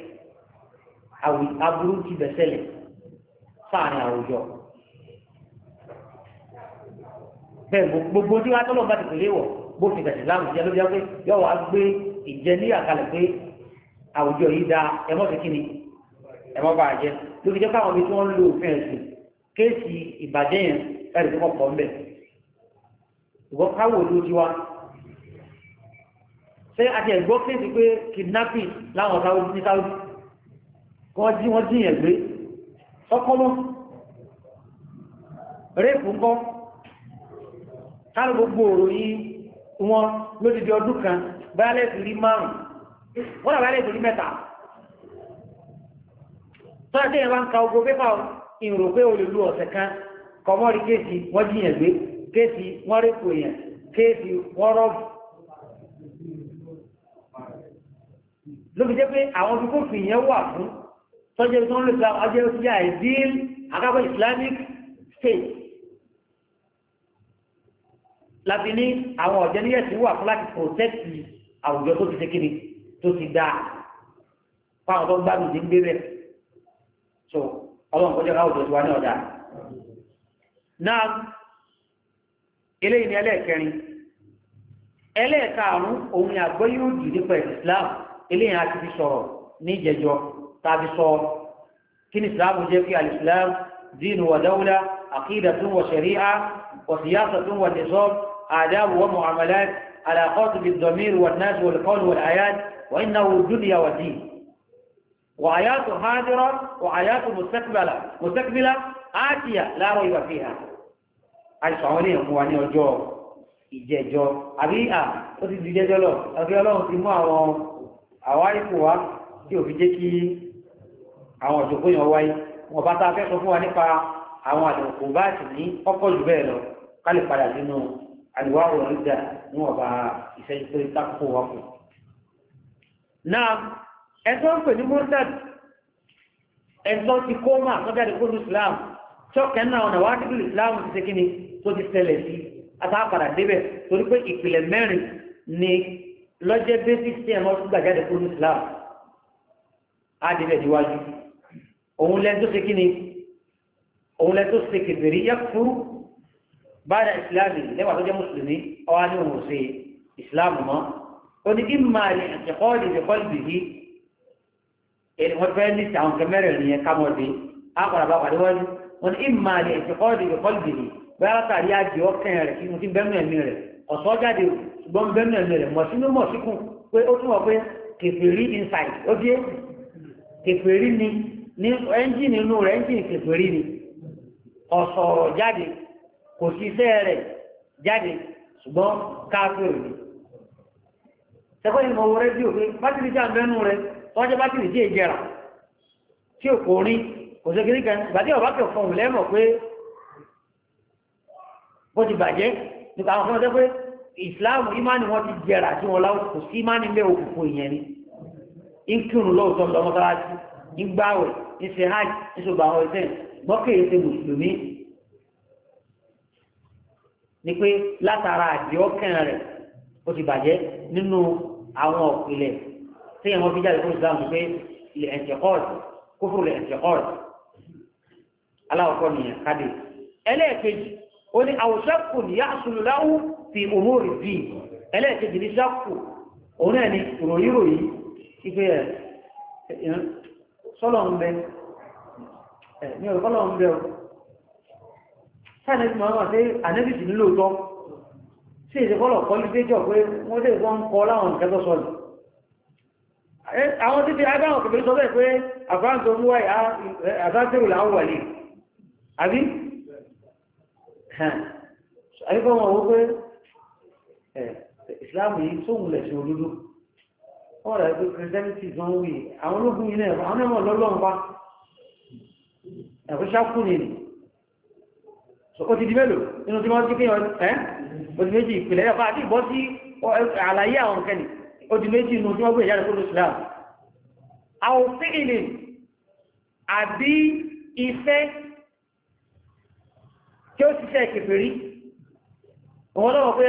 aburú ti bẹ̀ sẹ́lẹ̀ sáàrin àwùjọ. bẹ́ẹ̀ gbogbo tí wàá tọ́lọ́ bá ti pèlè wọ̀ bó fi tẹ̀sí láàmù jẹ́ ló jẹ́ pé yọ wàá gbé ìjẹ ní àkàlẹ̀ pé àwùjọ yìí da ẹmọ́ ti kíni ẹmọ́ bá jẹ́ lórí jẹ́ káwọn ibi tí wọ́n ń lo òfin ẹ̀sìn kéèsì ìbàjẹ́ yẹn ẹ̀rì tó kọ̀ pọ̀ ń bẹ̀. ìwọ káwọ̀ ló ti wá ṣé àti ẹ̀gbọ́ kéèsì pé kidnapping láwọn sáwọ́dí ní sáwọ́dí kọ́ jí wọ́n jí ọkọ́mọ́ rẹ́pù òrò yìí wọn ọdún kan márùn wọ́n mẹ́ta bá ka ogo pépà ìrò pé o lè lu ọ̀sẹ̀ kan kéèsì wọ́n jí kéèsì ló fi jẹ́ pé àwọn tó kófì yẹn wà fún tọ́jẹ́ tó ń lè fún ọjọ́ sí ideal akápẹ́ islamic state láti ní àwọn ọ̀jẹ́ níyẹ̀ tí wà fún láti protect àwùjọ tó ti ṣe kíni tó ti dáa fáwọn tó ń gbádùn sí ń gbé bẹ́ẹ̀ so ọlọ́run kọjá káwọ́ tó ti wá ní ọ̀dà náà eléyìí ni ẹlẹ́ẹ̀kẹrin ẹlẹ́ẹ̀kaàrún òun ni àgbọ́yé òdì nípa ìsìláàmù eléyìí a ti fi sọ̀rọ̀ ní ìjẹjọ tàbí sọ kí ni ìsìláàmù jẹ́ kí alìsìláàm dínú wa dáwúlá àkídàtún wa ṣẹ̀ríà wa siyasatun wa nìsọ́m àdáàbù wa mu'amalat alaqatu bid-damir wa nas wal qawl wal ayat wa innahu dunya wa din wa ayatu hadira wa ayatu mustaqbala mustaqbila atiya la rayba fiha ay sawani wa ni ọjọ́ ìjẹjọ àbí a ó ti di jẹjọ lọ àbí Ọlọ́hun ti mú àwọn àwárìkù wa tí ò fi jẹ́ kí àwọn òjòkó yẹn wáyé wọn bá tá a fẹ́ sọ fún wa nípa àwọn àdìkù bá ti ní ọkọ̀ jù bẹ́ẹ̀ lọ ká lè padà nínú àdìwá òrùn ìdá níwọ̀n bá ìṣẹ́jú pé tákùkù wa kù. náà ẹ̀tọ́ ń pè ní mọ́tàdì ẹ̀tọ́ ti kó ni lọ́jẹ́ basic tí ẹ̀mọ́ tó gbàjáde kúrú Islam ádìbẹ̀ díwájú òun lẹ́n tó ṣe kíni òun lẹ́n tó ṣe kèbèrè yẹ fúrú bára ìsìláàmì lẹ́wà tó jẹ́ mùsùlùmí ọwá ní òun ṣe Islam mọ́ ó ní ìmọ̀ àlè ẹ̀kọ́ ìdìbò kọ́ ìbìyí èdè wọn fẹ́ ní àwọn kẹmẹ́rẹ̀ nìyẹn kámọ́dé ápàdà bá wàdé wájú ní ìmọ̀ àlè ẹ̀kọ́ ìdìbò kọ́ ìbìyí bẹ́ẹ̀ látàrí àjẹ́ ọkẹ́ rẹ̀ kí mo ti bẹ́ẹ̀ mú ẹ̀mí rẹ̀ ọ̀sọ́ jáde òkú gbọ́ngbẹ́nù ẹ̀mí rẹ̀ mọ̀ sínú mọ̀ síkùn pé ó túnmọ̀ pé kèfèrí inside ó dé kèfèrí ni ní ẹ́ńjìnì inú rẹ̀ ẹ́ńjìnì kèfèrí ni ọ̀sọ̀rọ̀ jáde kò sí iṣẹ́ rẹ̀ jáde ṣùgbọ́n káfíò ni sẹ́kọ́ ìmọ̀ owó rẹ́díò pé bátìrì jà ń bẹ́nu rẹ̀ tọ́jọ́ bátìrì jẹ́ ìjẹrà tí ò kò rí kò sí kìrìkan ìgbàdí ọ̀bá kẹ̀ fọ̀hùn lẹ́mọ̀ pé bó ti bàjẹ́ nípa àwọn ọmọdé pé ìsìláàmù ìmánì wọn ti jẹrà tí wọn láwùjọ kò sí ìmánì ń bẹ òkùnkùn ìyẹn ni ń kírun lóòótọ́ ń lọ mọ́sálásí ń gbáwẹ̀ ń ṣe hajj ń ṣe bàwọn ẹsẹ̀ gbọ́kẹ̀yẹ ṣe mùsùlùmí ni pé látara àdìọ́kàn rẹ̀ ó ti bàjẹ́ nínú àwọn òpìlẹ̀ tí àwọn fi jáde fún ìsìláàmù pé ilẹ̀ ẹ̀jẹ̀ kọ́ọ̀tù kófòrò ilẹ̀ ẹ̀jẹ̀ kọ́ọ̀tù aláwọ̀kọ́ nìyẹn kádé ẹlẹ́ẹ̀kejì ó ní àwòṣẹ́kù ní yá fi umuri din ẹlẹ́ẹ̀kejì ní ṣáàpù òun náà ni ìròyìn ròyìn ìgbé ẹ̀ sọ́lọ̀ ń bẹ ní ọ̀rọ̀ kọ́lọ̀ ń bẹ ọ̀ sáàdẹ́sì máa wà sí ànẹ́bìsì nílò tọ́ sí ìṣẹ́kọ́lọ̀ kọ́lú déjọ́ pé wọ́n dé wọ́n ń kọ́ láwọn nǹkan tó sọ̀rọ̀ àwọn títí agbáwọn kìbìrì sọ bẹ́ẹ̀ pé àfáàntò àbí àbíkọ́ wọn pé ìsìláàmù yìí tó wùlẹ̀ sí olódó wọ́n rẹ̀ pé christianity tó ń wí àwọn ológun yìí náà àwọn ẹ̀mọ̀ lọ́lọ́run wá ẹ̀kọ́ ṣákú ni ó ti di mélòó nínú tí wọ́n ti kéèyàn ẹ́ ó di méjì ìpìlẹ̀ ẹ̀fà àti ìbọ́ sí àlàyé àwọn nǹkan ó di méjì nínú tí wọ́n gbé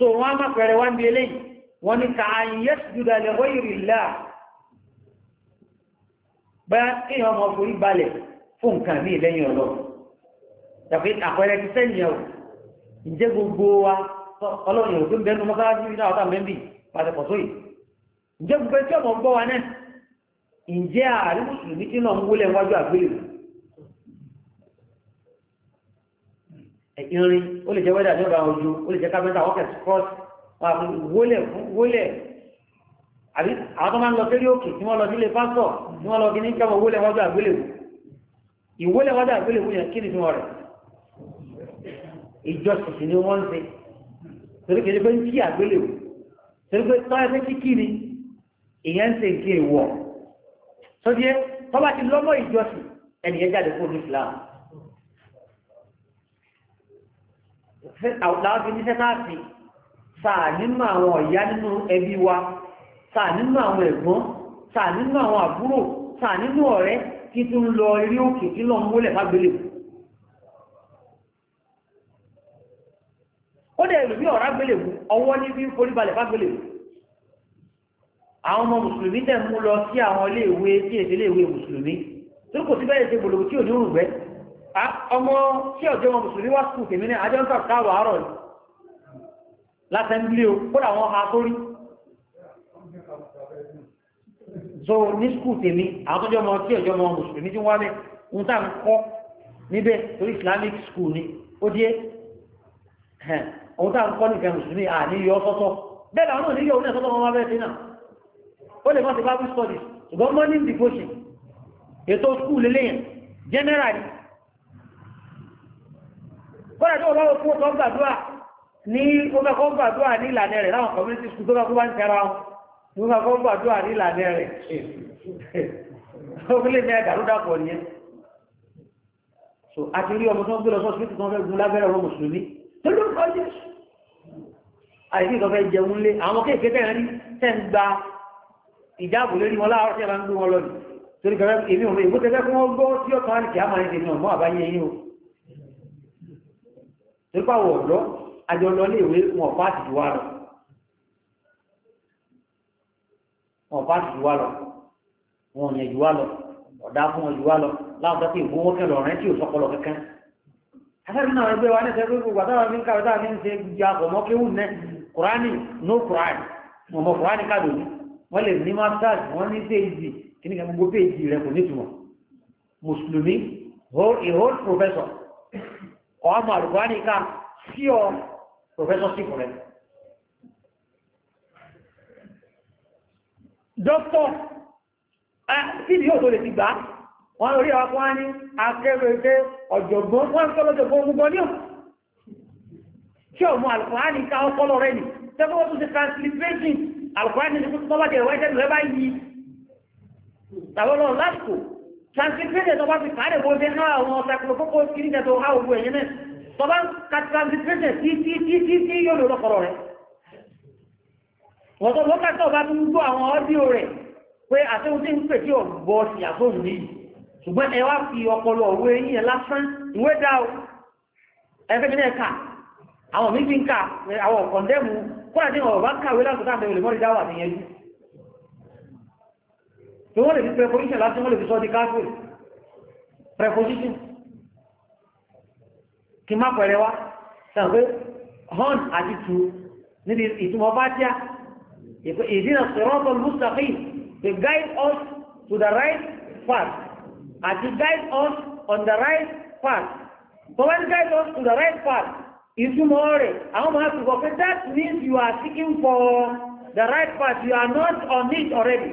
so wọ́n á má pẹ̀rẹ̀ wá ń bí eléyìí wọ́n ní ka àyíyẹ́ jùdà lè wọ́ ìrìlá bá kéèyàn ọmọ forí balẹ̀ fún nǹkan ní ìlẹ́yìn ọ̀lọ́ tàbí àpẹẹrẹ ti sẹ́yìn ọ̀ ǹjẹ́ gbogbo wa ọlọ́run yóò tó ń bẹnu mọ́sálásí ní àwọn táwọn mẹ́bí pàṣẹ pọ̀ sóyè ǹjẹ́ gbogbo ẹtí irin ó lè jẹ́ wẹ́dà ní ọ̀rọ̀ àwọn ojú ó lè jẹ́ kápẹ́ntà wọ́n kẹ̀sì cross wọ́n àfi wólẹ̀ wólẹ̀ àbí àwọn tó máa ń lọ sórí òkè tí wọ́n lọ sílé pásítọ̀ tí wọ́n lọ kí ní kẹ́mọ̀ wólẹ̀ wájú àgbélébù ìwólẹ̀ wájú àgbélébù yẹn kí ni fún ọ̀rẹ́ ìjọsìn sí ni wọ́n ń ṣe torí kìí pé ń kí àgbélébù torí pé tọ́ ẹgbẹ́ tí kí ni ìyẹn ń ṣe nǹkan ìwọ̀ sọ́dí ẹ tọ́ bá ti lọ́mọ ìjọsìn ẹnìyẹn jáde kó ní Islam láwọ́fí níṣẹ́ káàfi sáà nínú àwọn ọ̀yá nínú ẹbí wa sáà nínú àwọn ẹ̀gbọ́n sáà nínú àwọn àbúrò sáà nínú ọ̀rẹ́ kí tún lọ rí òkè kí lọ ń wólẹ̀ fágbélé ó dẹ̀ lù bí ọ̀rá gbélé ọwọ́ ní bí forí balẹ̀ fágbélé àwọn ọmọ mùsùlùmí tẹ̀ mú lọ sí àwọn iléèwé tí èdè iléèwé mùsùlùmí tó kò sí bẹ́ẹ̀ ọmọ tí ọjọ́ wọn mùsùlùmí wá sùkùn tèmi ní àjọ ń sọ̀rọ̀ káàbọ̀ àárọ̀ yìí láti ń lé o kódà wọn ha sórí so ní sùkùn tèmi àwọn tọ́jọ́ ọmọ tí ọjọ́ ọmọ mùsùlùmí tí wọ́n wá mẹ́ ń tà ń kọ́ níbẹ̀ torí Islamic school ni ó dé ohun tá à ń kọ́ nìkan mùsùlùmí à ní yọ sọ́tọ̀ bẹ́ẹ̀ làwọn náà níyọ̀ school lélẹ́yìn generally bọ́dà tó lọ́wọ́ fún ọ̀tọ́ gbàdúrà ní ọmọkọ́ gbàdúrà ní ìlànà rẹ̀ láwọn community school tó lọ́kọ́ bá ń tẹ́ra wọn ní ọmọkọ́ gbàdúrà ní ìlànà rẹ̀ ọmọlẹ́ mẹ́rin ni so àti rí ọmọ tó ń gbé lọ sọ́ọ̀sì tó ń fẹ́ gun lábẹ́rẹ́ ọmọ mùsùlùmí tó ló ń kọ́ jésù àìsí ìtọ́fẹ́ jẹun lé àwọn kéèkéé tẹ́ rí tẹ́ ń gba ìjáàbò lórí wọn láàárọ̀ tí a bá ń gbé wọn lọ nì torí kẹfẹ́ èmi ò mọ fún wọn tí ọkàn àlìkè á máa ń náà mọ́ àbáyé yín nípa àwọn ọ̀dọ́ àjọlọ ní ìwé wọn bá ti wá lọ wọn bá ti wá lọ wọn ò yẹn jù wá lọ ọ̀dà fún wọn jù wá lọ láwọn tó ti ìbò wọn kẹlọ rẹ tí ò sọpọlọ kankan afẹ́rẹ́ náà ẹgbẹ́ wa ní ẹgbẹ́ gbogbo àtàwọn ní káwé táwọn ní ń ṣe ìjà ọmọ kéwù nẹ kùránì no kùránì ọmọ kùránì káàdùn ní wọ́n lè ní masters wọ́n ní péjì kí ní gbogbo péjì rẹ kò nítumọ̀ mùsùlùmí a whole professor o ọmọ àlùbáríkà sí ọ professorship rẹ̀ dọ́kítọ̀ kíni yóò tó lè ti gbà wọ́n orí àwọn wọ́n ní akẹ́rẹ́gẹ́ ọ̀jọ̀gbọ́n wọ́n ń kọ́lọ́jọ̀gbọ́n gbogbo ní ọ̀ tí ọmọ alùpàánì ká ọpọlọ rẹ̀ nì tẹ́fọ́wọ́ tó ti transliteration alùpàánì ní kúkú tọ́lájẹ̀ ìwájẹ́ lẹ́bàá yìí tàbọ́lọ́ lásìkò transcripted tó bá fi kàárẹ̀ bó ṣe há àwọn ọ̀sàkùnkókó kiri jẹ́ tó há ògbó ẹ̀yẹn náà tó bá ka transcripted tí tí tí tí tí yóò lò lọ́kọ̀rọ̀ rẹ̀ wọ́n tó lọ́kà tó bá tún gbọ́ àwọn ọ́díò rẹ̀ pé àtẹ́wọ́n tí ń pè tí ọ̀gbọ́ sí àgbóhùn nìyí ṣùgbọ́n ẹ wá fi ọpọlọ òwe yín ẹ lásán ìwé dá o ẹgbẹ́ mi náà kà àwọn méjì ń kà àwọn kọ̀ndẹ́mù kó tí wọ́n lè fi preposition láti wọ́n lè fi sọ di káàkiri preposition kí má pẹ̀rẹ wá sàgbé horn àti tù níbi ìtumọ̀ bá tíá ìdínà sọ̀rọ̀tọ̀ lùsàkì to guide us to the right path àti guide us on the right path so when guide us to the right path ìtumọ̀ rẹ̀ àwọn máa fi gọ̀ pé that means you are seeking for the right path you are not on it already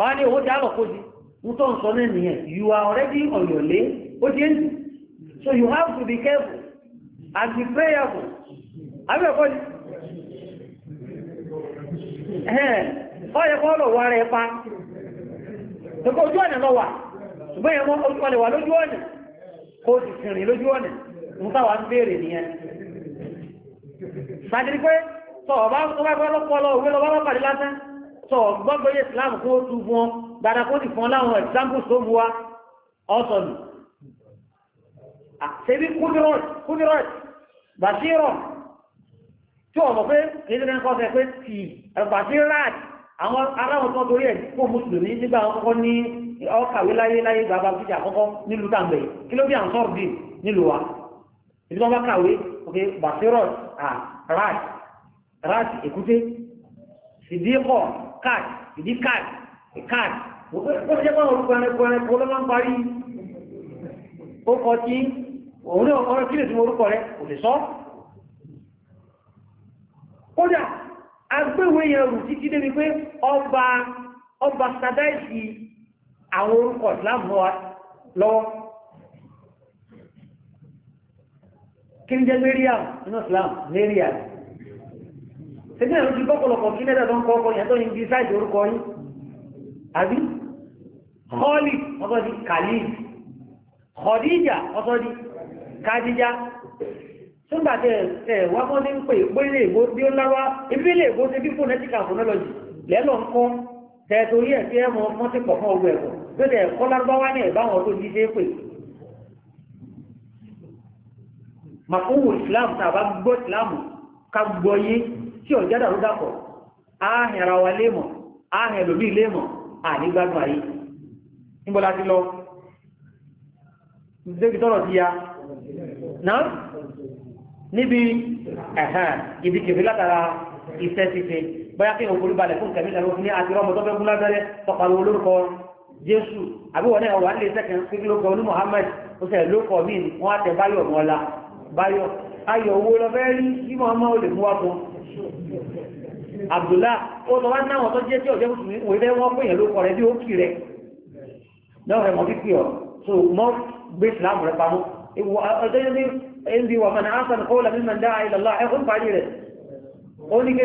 wọ́n ní owó tí a lọ kó sí nsọ tó ń you are already on your lane ó so you have to be careful and be prayerful àbí ẹ̀kọ́ ni ọ yẹ kọ́ lọ wọ ara ẹ pa ẹ̀kọ́ ojú ọ̀nà lọ wa ṣùgbọ́n ẹ̀mọ́ ojú ọ̀nà wà lójú ọ̀nà kó o sì sìnrìn lójú wa ń táwa ń béèrè nìyẹn sàdìrí pé sọ ọba tó bá gbọ́ lọ́pọ̀ lọ tọ̀ gbọ́gbọ́ yé islam kó tu wọn gbàdá kó ti fún láwọn examples tó bu wa ọ̀sọ̀nù àṣẹbí kúdírọ̀t kúdírọ̀t bàṣírọ̀ tí ọ̀mọ̀ pé kéjìlẹ̀ ń kọ́ sẹ pé tì bàṣírọ̀t àwọn aráwọn tó torí ẹ̀ kó mùsùlùmí nígbà wọn kọ́kọ́ ní ọkàwé láyé láyé bàbá fíjà àkọ́kọ́ nílùú tàǹgbẹ̀ kí ló bí à ń sọ̀rọ̀ bí nílùú wa ìdí wọn bá kàwé ọkẹ bàṣírọ̀t à rat rat èkúté sídìí card ìdí card card ó ti jẹ́ pé orúkọ ẹni ẹni kó ló máa ń parí ó kọ tí òun náà ọ̀rọ̀ kí lè tún orúkọ rẹ kò lè sọ. kódà agbéwèé yẹn rù títí débi pé ọba ọba sadáìsì àwọn orúkọ ìsìláàmù lọ́wọ́. kí ni jẹ́ mẹ́ríàm nínú ìsìláàmù mẹ́ríàm ṣebí ẹ̀rọ ti gbọ́pọ̀lọpọ̀ kí lẹ́dẹ̀ ló ń kọ́ ọkọ yẹn tó ń di sáìdì orúkọ yín àbí họ́ọ̀lì ọ̀sọ́ di kàlí kọ̀díjà ọ̀sọ́ di kàdíjà nígbà tẹ ẹ wá kọ́ ní pé pé ilé ìgbó bí ó lára ibi ilé ìgbó ṣe bí phonetical phonology lẹ́lọ́ ń kọ́ tẹ̀torí ẹ̀ tí ẹ mọ wọ́n ti pọ̀ fún ọgbẹ́ ẹ̀kọ́ tó tẹ̀ kọ́ lárúbáwá ní ẹ̀bá àwọn tó díje pè. tàbá gbọ́ ìsìláàmù ká gbọ́ yé tí ọ̀já dàrú dàpọ̀ ààhìn ara wa léèmọ̀ ààhìn ẹlòmí léèmọ̀ ànígbàgbà yìí níbo láti lọ débi tọ́rọ̀ ti ya náà níbi ẹ̀hàn ibi kèfé látara iṣẹ́ ti fi bóyá kí òkúrú balẹ̀ fún kẹ̀mí ìlànà òfin ní àti ọmọ tó fẹ́ gún lábẹ́rẹ́ tọpàlù olórúkọ Jésù àbíwọ̀n náà wà nílé sẹ́kẹ̀ẹ́ pé lókọ ní Muhammad ó sẹ̀ lókọ míì wọ́n á tẹ báyọ̀ mọ́lá báyọ̀ ayọ̀ owó lọ fẹ́ rí kí ọmọ olè mú wá Abdullah ó lọ wá náà tó jẹ́ tí ọ̀jẹ́ mùsùlùmí wò ilé wọ́n pèèyàn ló kọ̀ rẹ̀ bí ó kì rẹ̀ náà rẹ̀ mọ̀ bí kì ọ̀ so mọ́ gbé ìsìlámù rẹ̀ pamọ́ ọjọ́ ní ẹ̀ndì wà mọ̀ náà sàn kọ́ọ̀lá mímọ̀ dá ìlọ́lá ẹ̀kọ́ ń parí rẹ̀ ó ní kí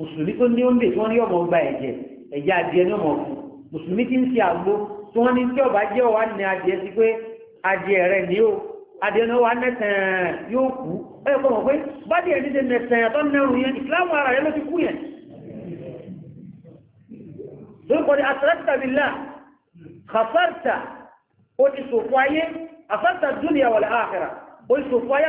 mùsùlùmí tó ní oúnjẹ tí wọ́n ní ọmọ gba ẹ̀jẹ̀ ẹ̀jẹ̀ adìẹ ní ọmọ fún mùsùlùmí ti ń ṣe àgbo tí wọ́n ní tí ọba jẹ́ ọ̀wá ní adìẹ sí pé adìẹ rẹ̀ ní o adìẹ náà wà nẹ́sàn-án yóò kú ẹ̀ kọ́ mọ̀ pé bádìẹ ní ṣe nẹ́sàn-án tó nẹ́rù yẹn ìsìláàmù ara rẹ̀ ló ti kú yẹn. lórúkọ ni asarata bìlá khasarta ó ti sòfò ayé asarta dúnìyà wal akhirah ó ti sòfò ayé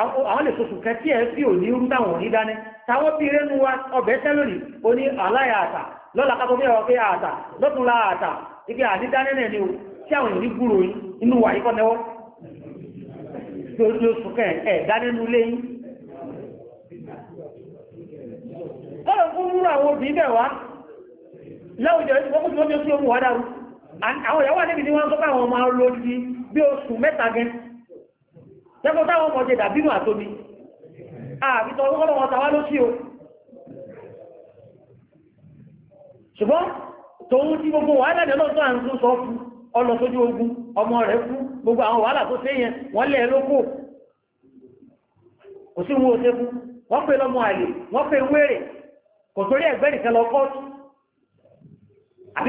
àwọn lè sọ̀tún kẹtí ẹ̀ sí òní irú táwọn òní dání tàwọn bí rẹ́nu wa ọbẹ̀ tẹ́ lónìí ní aláya àtà lọ́la bí ọkẹ́ àtà lọ́túnla àtà ibi àti dání náà ni o tí àwọn òní gbúrò inú yíkọ́ nẹ́wọ́ ẹ̀ dání wà jẹ́kọ́ táwọn ọmọ jẹ dàbínú àtomi àbítọ̀ ọlọ́wọ́ tàwá ló sí o ṣùgbọ́n tòun tí gbogbo wàhálà ní ọlọ́tọ́ à sọ fún ọlọ sójú ogun ọmọ rẹ̀ fún gbogbo àwọn wàhálà tó séyẹn wọ́n lókò kò sí wọn ò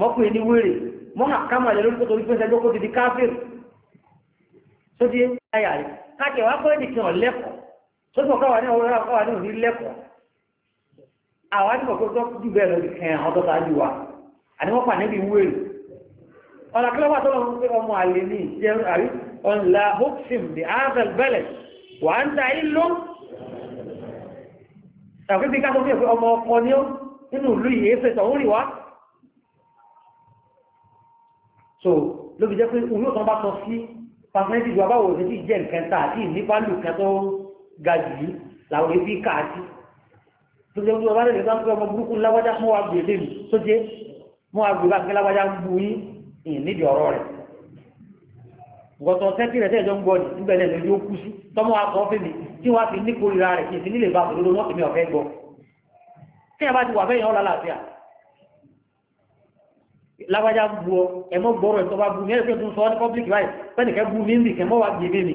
mọ́kùnrin ní wèrè mọ́hà kámà lè lórúkọ torí pẹ́sẹ̀ lókò ti di káfíìn sódì ayà rẹ̀ káàkiri wá pé nìkan lẹ́kọ̀ọ́ sódì ọ̀ká wà ní ọwọ́ ọ̀ká wà ní òní lẹ́kọ̀ọ́ àwọn àti mọ̀kó tó jù bẹ́ẹ̀ lọ kẹ́ àwọn tó sáájú wa àti wọ́n pa níbi wèrè ọ̀nà kílọ̀ wà tó lọ fún ọmọ àlè ní ìjẹ́ di áfẹ́l bẹ́lẹ̀ wà ń ta ìlú àfi bí ká tó fi ọmọ ọkọ ní ó nínú ìlú so ló fi jẹ́ pé òun yóò tán bá sọ sí pàṣẹ́ntì ìjọba báwo ṣe ti jẹ́ nǹkan tá àti nípa lù kan tó ga jù yìí làwọn èbí káàkiri tó jẹ́ ojú ọba rẹ̀ nígbà pé ọmọ burúkú lágbájá mọ́ wa gbèlè mi tó jẹ́ mọ́ wa gbèlè àti lágbájá ń bu yín ìyìn níbi ọ̀rọ̀ rẹ̀ gbọ̀tọ̀ sẹ́tì rẹ̀ tẹ́jọ́ ń gbọ́ ní níbẹ̀ lẹ́nu ló kú sí tọ́mọ́ wa sọ fún tí wọ́n á fi níkorira rẹ̀ kì í sí nílé bá lágbájá bu ọ ẹ̀mọ́ gbọ́rọ̀ ẹ̀tọ́ bá bu ní ẹ̀rọ tó ń sọ ọ́ ní public báyìí pẹ́ẹ́nìkẹ́ bu mí nì kẹ́mọ́ wa gbèmí mi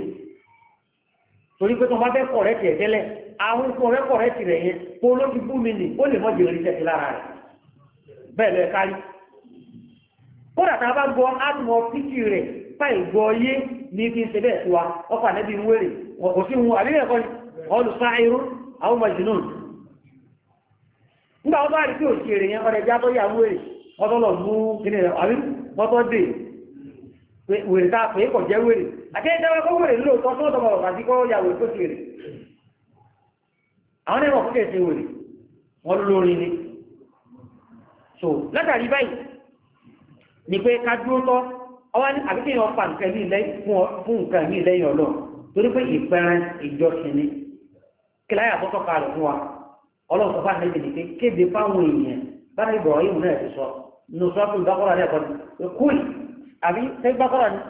torí pé tó bá fẹ́ kọ̀rẹ́tì ẹ̀ tẹ́lẹ̀ àwọn ikú ọ̀rẹ́ kọ̀rẹ́tì rẹ̀ yẹn kó ló ti bú mi nì ó lè mọ́ jèrè tẹ̀sí lára rẹ̀ bẹ́ẹ̀ lọ kárí kódà tá a bá gbọ́ ádùnmọ̀ píkì rẹ̀ fáì gbọ́ yé ní fi ń ṣe bẹ́ẹ̀ tiwa ọkọ̀ ànẹ́bí ń wèrè òsì ń àbílẹ̀ ẹ̀kọ́ ọlùsá irú àwọn majnun nígbà wọn bá rí pé òṣèré yẹn ọ̀rẹ́ jábọ́ yà ń wèrè ọtọ́lọ̀ fún kíní àbí bọ́tọ́ dè wèrè tá a pè é kọ̀ jẹ́ wèrè àti ẹ̀jẹ̀ wọn kó wèrè lò tọ́ tó tọmọ ọ̀gá sí kọ́ ya àwọn ẹ̀wọ̀n kò kẹ̀sẹ̀ wèrè wọn lórí ni so látàrí báyìí ni pé ká dúró tọ́ ọwọ́ ní àbí kí èèyàn fa nǹkan mí lẹ́yìn fún nǹkan mí lẹ́yìn ọ̀lọ́ torí pé ìpẹran ìjọsìn ni kíláyà bọ́tọ̀ kalẹ̀ fún wa ọlọ́run قال إبراهيم هنا تشرب نشرب البقرة لا تنم يقول أبي سيد بقرة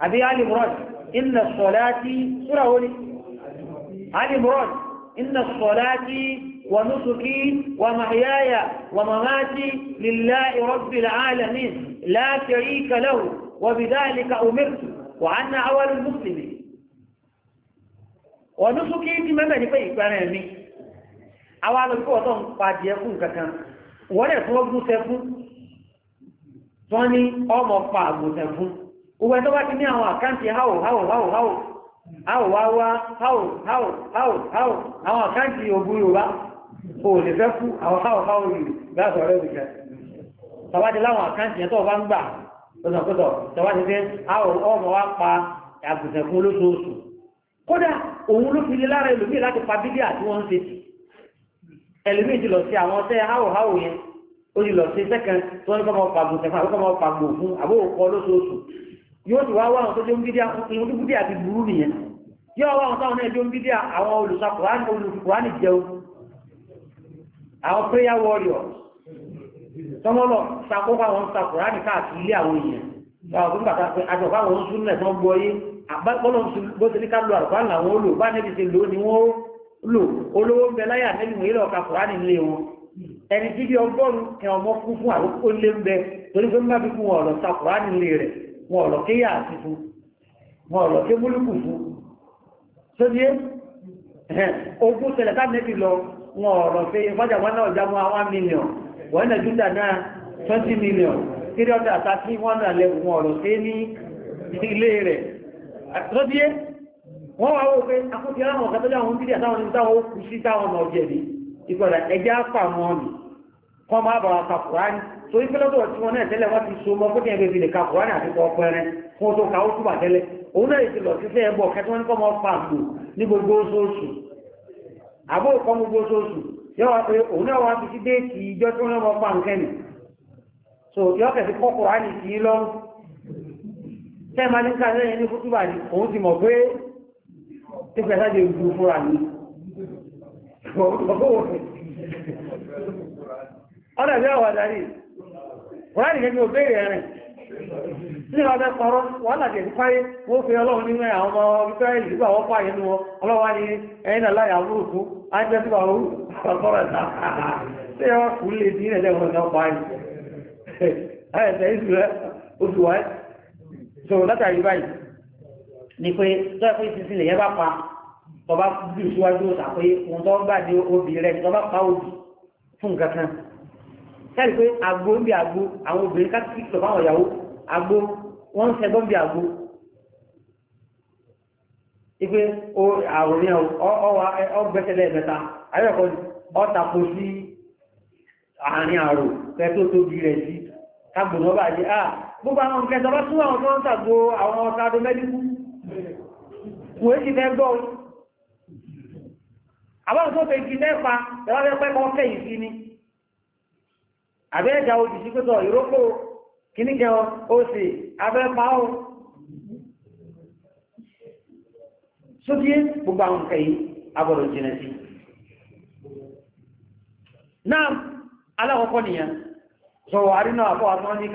أبي علي مراد إن الصلاة سورة أولي علي مراد إن الصلاة ونسكي ومحياي ومماتي لله رب العالمين لا شريك له وبذلك أمرت وعن أول المسلمين ونسكي في ممالي فيك أمامي أول القوة تنقى قد يكون ككامل wọ́n rẹ̀ fún ọgbọ́n sẹ́fún tí wọ́n ní ọmọ pa àgbò sẹ́fún owó ẹ̀tọ́ bá ti ní àwọn àkáǹtì háwò háwò háwò háwò háwò wáwá háwò háwò háwò háwò àwọn àkáǹtì ogun yorùbá o lè fẹ́ fún àwọn háwò háwò yìí bá sọ̀rọ̀ ẹ̀bì kẹ́ tọ́wádé láwọn àkáǹtì ẹ̀tọ́ bá ń gbà lọ́sọ̀kọ́tọ̀ tọ́wádé pé háwò ọmọ wa pa àgbò sẹ́fún lóṣooṣù ẹlòmíì ti lọ sí àwọn ọtẹ háwòháwò yẹn ó ti lọ sí sẹ́kàn tí wọ́n ní kọ́ máa pàgbò sẹ́kàn àbúkọ́ máa pàgbò fún àbúrò kọ́ lóṣooṣù yóò ti wá wá àwọn tó jẹ́ ohun bídíà ti burú nìyẹn yóò wá àwọn táwọn náà jẹ́ ohun bídíà àwọn olùsàkùránì olùsàkùránì jẹun àwọn prayer warriors tọ́mọ́lọ̀ sàkópa àwọn sàkùránì káàkiri ilé àwọn èèyàn báwọn tó ń bàtà pé àjọpá àwọn oṣù náà tán gbọ́ yé bọ́lọ̀ bó ti ní ká lo àrùkọ́ àwọn olùbánẹ́bí ti lò ó ni wọ́n lò olówó ń bẹ láyà nẹ́bí mò ń lọ ka kùránì nílé wọn ẹni tí bí ọgọ́rùn ẹ ọmọ fún fún àkókò lé ń bẹ torí pé má bí fún wọn ọ̀rọ̀ ta kùránì nílé rẹ̀ wọn ọ̀rọ̀ kéyà àti fún wọn ọ̀rọ̀ ké múlùkù fún sódíé ogún tẹ̀lẹ̀ tá nẹ́bí lọ wọn ọ̀rọ̀ pé ìfọ́jà wọn náà jámọ́ àwọn mílíọ̀n wọ́n náà júdà náà 20 mílíọ̀n kí ní ọdún àtàkì wọ́n náà lẹ́wọ̀n ọ̀rọ̀ pé ní ilé rẹ̀ àtọ́díé wọ́n wá wó pé akúti aláwọ̀ ọ̀gá tó jẹ́ àwọn bídíà táwọn níbi táwọn ó kú sí táwọn ọmọ ọjẹ́ bí ìgbọ̀dà ẹjẹ́ apá wọn kọ́ máa bọ̀ wọn ka kùránì torí pé lọ́dọ̀ tí wọn náà tẹ́lẹ̀ wọ́n ti so mọ́ kó tiẹ̀ bèbè lè ka kùránì àti kọ́ pẹ́rẹ́ kó tó ka ó túbà tẹ́lẹ̀ òun náà ti lọ sí fẹ́ bọ̀ kẹ́tọ́ ní kọ́ mọ́ pa àgbò ní gbogbo oṣooṣù àbó kọ́ gbogbo oṣooṣù yọ wá pé òun so yọ kẹ̀sí kọ́ kùránì kì í lọ́rùn tẹ́ẹ̀ máa ní ká lẹ́yìn ni òun ti mọ̀ pé tí fẹ́ sáàjẹ̀ ojú fúnra ní ọ̀dọ̀ bí ọwà darí wọ́n ní gẹ́gẹ́ òbéèrè ẹ̀rìn ní ọdẹ pọ̀rọ̀ wọ́n láti ẹ̀sí fáyé wọ́n fi ọlọ́run nínú àwọn ọmọ ìfẹ́rẹ́ ìdígbà wọ́n fà wọn ọlọ́wà ní ẹ̀yìn aláyà olóòkú ni pé tọ́yọ̀ pé sísìn lè yẹ bá pa tọba bí ìṣíwájú ọ̀sà pé òun tó ń bá obì rẹ̀ tọba pa obì fún nǹkan kan kẹ́rì pé agbo ń bí agbo àwọn obìnrin káàkiri kìlọ̀ fáwọn ìyàwó agbo wọ́n ń sẹ́gbọ́n bí agbo ipe àwòrán yẹn ọwà ọgbẹ́sẹ̀lẹ̀ mẹ́ta ayọ̀kọ́ ọ̀tàkó sí àárín àrò kẹ́tó tóbi rẹ̀ sí kágbóná bàjẹ́ ah gbogbo àwọn kẹsàn-án tún àwọn tó ń tàgbo àwọn ọ̀tàdó mẹ́díkù wọ́n ti fẹ́ gbọ́ àbáwọn tó fẹ́ ti lẹ́pa ẹ̀wá fẹ́ pẹ́ kọ́ fẹ́ sí ni àbẹ́ ẹ̀dá ojì sí pé ìrókò kíní jẹ́ ó sì abẹ́ pa ó gbogbo àwọn nǹkan yìí jìnà sí náà alákọ̀ọ́kọ́ àrínà àpọ̀ àtọ́ ní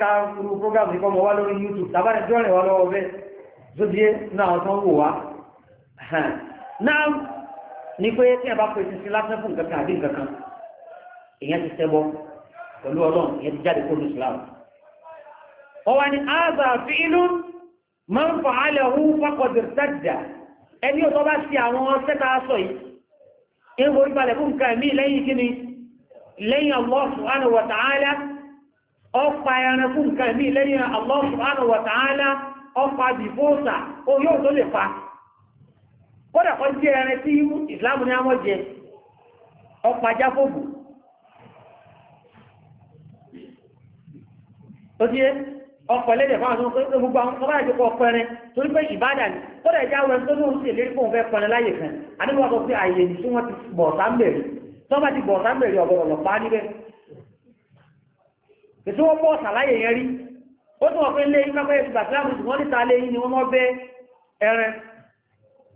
prógámù wá lórí YouTube wá lọ́wọ́ bẹ́ẹ̀ náà wò wá náà ní pé tí ẹ bá pèsè sí lásán fún nǹkan kan àbí nǹkan kan èèyàn ti ṣẹbọ pẹ̀lú ọlọ́run èèyàn ti jáde kóòlù islam ọwọ́ ni áàzà fi inú máa ń fọ alẹ́ òun fọ́kọ̀dù sájà ẹni ò tó bá ṣe àwọn ọṣẹ́ tá a sọ yìí ń borí balẹ̀ ó yóò tó lè pa kódà kọ́ jẹ́ ẹran tí ìsìláàmù ní àwọn jẹ ọ̀pọ̀ ajá fòbù ó ti yé ọ̀pọ̀ ẹlẹ́dẹ̀ fún àwọn tó gbogbo àwọn ọba àti ọkọ̀ ẹran torí pé ìbádà ni kódà ìjà wẹ̀ tó lóun sì lérí fóun fẹ́ pọnẹ láyè kan àdúgbò wọn sọ pé àyè tí wọ́n ti bọ̀ sáńbẹ̀rẹ̀ tí wọ́n bá ti bọ̀ sáńbẹ̀rẹ̀ ọ̀gọ̀rọ̀ lọ́pàá níbẹ̀ ètò wọn bọ̀ sàlàyé yẹn rí ó tún wọ́n pé lé yín pápá ẹ̀sùn bàtìláàmù ìsìn wọ́n níta lé yín ni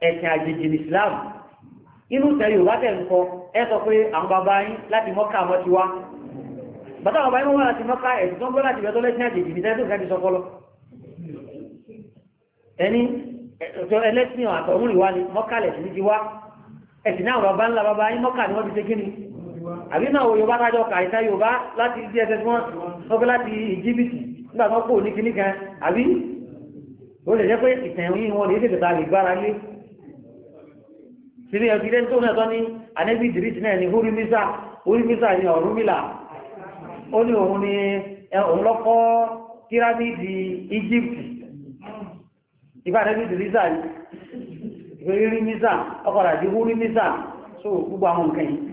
ẹ̀sìn àjèjì ní Islam inú tẹ Yorùbá tẹ̀ ń kọ ẹ sọ pé àwọn bàbá yín láti mọ́kà mọ́ ti wá bàtà bàbá yín wọ́n láti mọ́kà ẹ̀sìn tó ń gbọ́ láti bẹ̀tọ́ lẹ́sìn àjèjì ní tẹ́tù kẹ́ni sọ kọ́lọ́ ẹni ẹ̀tọ́ ẹlẹ́sìn àtọ̀hún ìwá ni mọ́kà lẹ̀sìn ní ti wá ẹ̀sìn náà bàbá ńlá bàbá yín mọ́kà ni wọ́n ti ṣe kí ni àbí náà Yorùbá tájọ kàìsá Yorùbá lè jẹ́ pé ìtẹ̀yìn wọn lè ṣètò lè gbára lé sílé ẹbí lẹ́ni tó nẹ́tọ́ ní anẹ́bí ìdírísì náà ni húrímísà húrímísà ní ọ̀rúnmìlà ó ní òun ní òun lọ́kọ́ pírámìdì Egypt ìbá anẹ́bí ìdírísà húrímísà ọkọ̀rọ̀ àti húrímísà tó gbogbo àwọn nǹkan yìí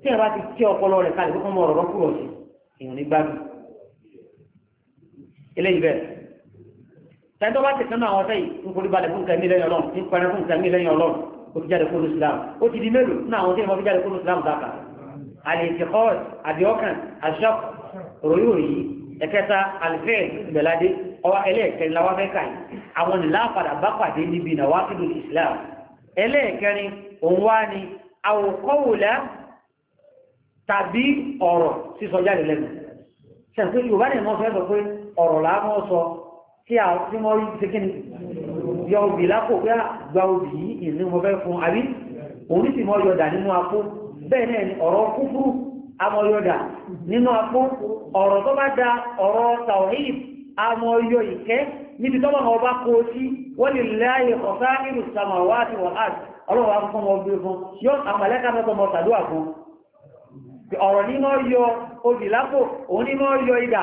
tí ẹ bá ti kí ọpọlọ rẹ̀ kalẹ̀ kókó mọ ọ̀rọ̀ kúrò sí èèyàn ní gbádùn eléyìí bẹ́ẹ̀ tẹ́ńtọ́ bá ti sẹ́nu àwọn ọ̀sẹ̀ yìí ń forí balẹ̀ fún kẹ́mí lẹ́yìn ọlọ́run ń pẹrẹ fún kẹ́mí lẹ́yìn ọlọ́run kò fi jáde kó ní islam ó ti di mélòó náà àwọn tí wọ́n fi jáde kó ní islam dáka àlèkèkọ́ọ̀d àdìọ́kàn àṣọ́k ròyìnròyì ẹ̀kẹta alifẹ́ ìgbẹ̀ládé ọwọ́ ẹlẹ́ẹ̀kẹrin la wá fẹ́ kà yìí àwọn nìlá padà bá pàdé níbi náà wá kílù islam ẹlẹ́ẹ̀kẹrin òun wá ní àwòkọ́wòlá tàbí ọ̀rọ̀ sísọ jáde lẹ́nu ṣẹ̀kú yorùbá ni wọ́n fẹ́ sọ pé ọ̀rọ̀ làá mọ́ sọ tí wọ́n rí yọ òbí lápò pé ah, gba òbí yìí ìní mo fẹ́ fún àbí òun ní sì mọ yọ̀dà nínú apó bẹ́ẹ̀ náà ni ọ̀rọ̀ kúkúrú amọ̀yọ̀dà nínú apó ọ̀rọ̀ tó bá da ọ̀rọ̀ tàwíìf amọ̀yọ̀ ìkẹ́ níbi tọ́lọ́ náà bá kó sí wọ́n lè láàyè ọ̀sá ìlú sàmàwá àti wàhálà ọlọ́wọ́ akọ́kọ́ mọ gbé fún yọ àmàlẹ́kà mẹ́tọ́ mọ sàdúà fún ọ̀rọ̀ ní yọ obì lápò òun ní yọ ìdà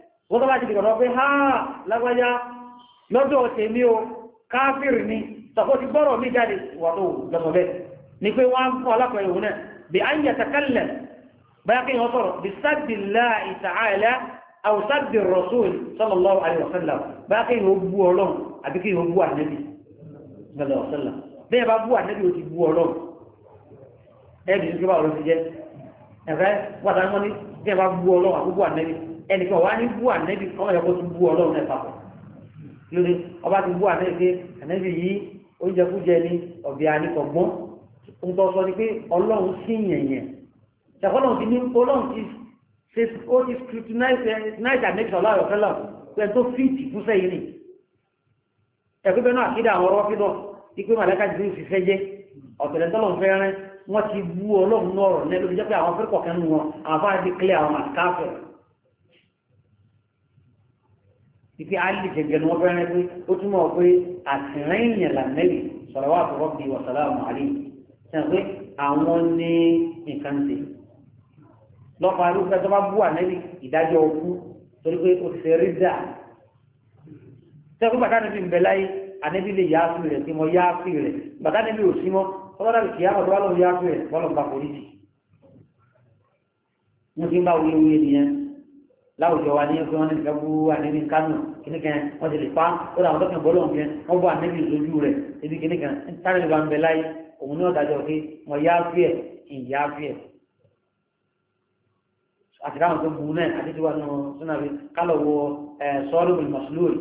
wọ́n tó bá ti dìgbà pé ha lágbájá lọ́dọ̀ tèmi o káfíìrì ni tọ́kọ́ ti gbọ́rọ̀ mi jáde wà tó lọ́sọ̀ bẹ́ẹ̀ ni pé wọ́n á ń kọ́ alákọ̀ọ́ ìwò náà bí a ń yàtàkálẹ̀ báyá kí wọ́n sọ̀rọ̀ bí sábìlá ìtàhálà ẹnìkan wá ní bú ànẹ́bí ọmọ ẹ̀kọ́ tó bú ọlọ́run ẹ̀ papọ̀ lórí ọba ti bú ànẹ́bí pé ànẹ́bí yìí oúnjẹ kújẹ ní ọ̀bẹ àníkọ̀gbọ́n ń tọ́ sọ ni pé ọlọ́run sí yẹ̀yẹ̀ ṣàkọ́lọ́run ti ní ọlọ́run ti ṣe ó ti scrutinize ànẹ́bí ọlá ọ̀fẹ́ lọ pé tó fíìtì fún sẹ́yìn ni ẹ̀kọ́ bẹ́ẹ̀ náà àkídà àwọn ọ̀rọ̀ fídọ̀ ipe màlẹ́ka jù sí fẹ́ jẹ́ ọ̀tẹ̀lẹ̀ tọ́lọ̀ fẹ́ rẹ́ wọ́n ti bú ọlọ́run náà ọ̀rọ̀ nẹ́lórí jẹ́ pé àwọn fẹ́kọ̀ọ́ kan nù wọn àwọn afárá ti kílẹ̀ àwọn àtikáfẹ́ ìfi àlè gẹ́gẹ́ ni wọ́n fẹ́ràn pé ó túmọ̀ pé àtìrẹ́yìn lànàbì sọ̀rọ̀ wà fọwọ́ bí wàsálà màálì sẹ́yìn pé àwọn ní nǹkan ṣe lọ́pàá arúgbó tó bá bú ànàbì ìdájọ́ òkú torí pé ó ti fẹ́ rí dà sẹ́yìn pé bàtà níbi ń bẹ láyé ànàbì lè yáa fi rẹ̀ tí mo yáa fi rẹ̀ bàtà níbi ò sí mọ́ ọlọ́dà lè kí àwọn ọlọ́run yáa fi rẹ̀ bọ́lọ̀ bá polisi láwùjọ wa ní ẹgbẹ́ wọn ní nǹkan bú ànẹ́bí kánò kìnnìkan wọ́n ti lè pa ó dàwọn tọ́kàn bọ́lọ̀ nǹkan wọ́n bọ́ ànẹ́bí lójú rẹ̀ ebi kìnnìkan sáré ló bá ń bẹ láyé òun ní ọ̀dàjọ́ pé wọ́n yá fíẹ̀ ìyá fíẹ̀. àtìkáwọn tó bu náà àti tí wà nù sínú àbí kálọ̀ wọ sọ́ọ́lù mùsùlùmí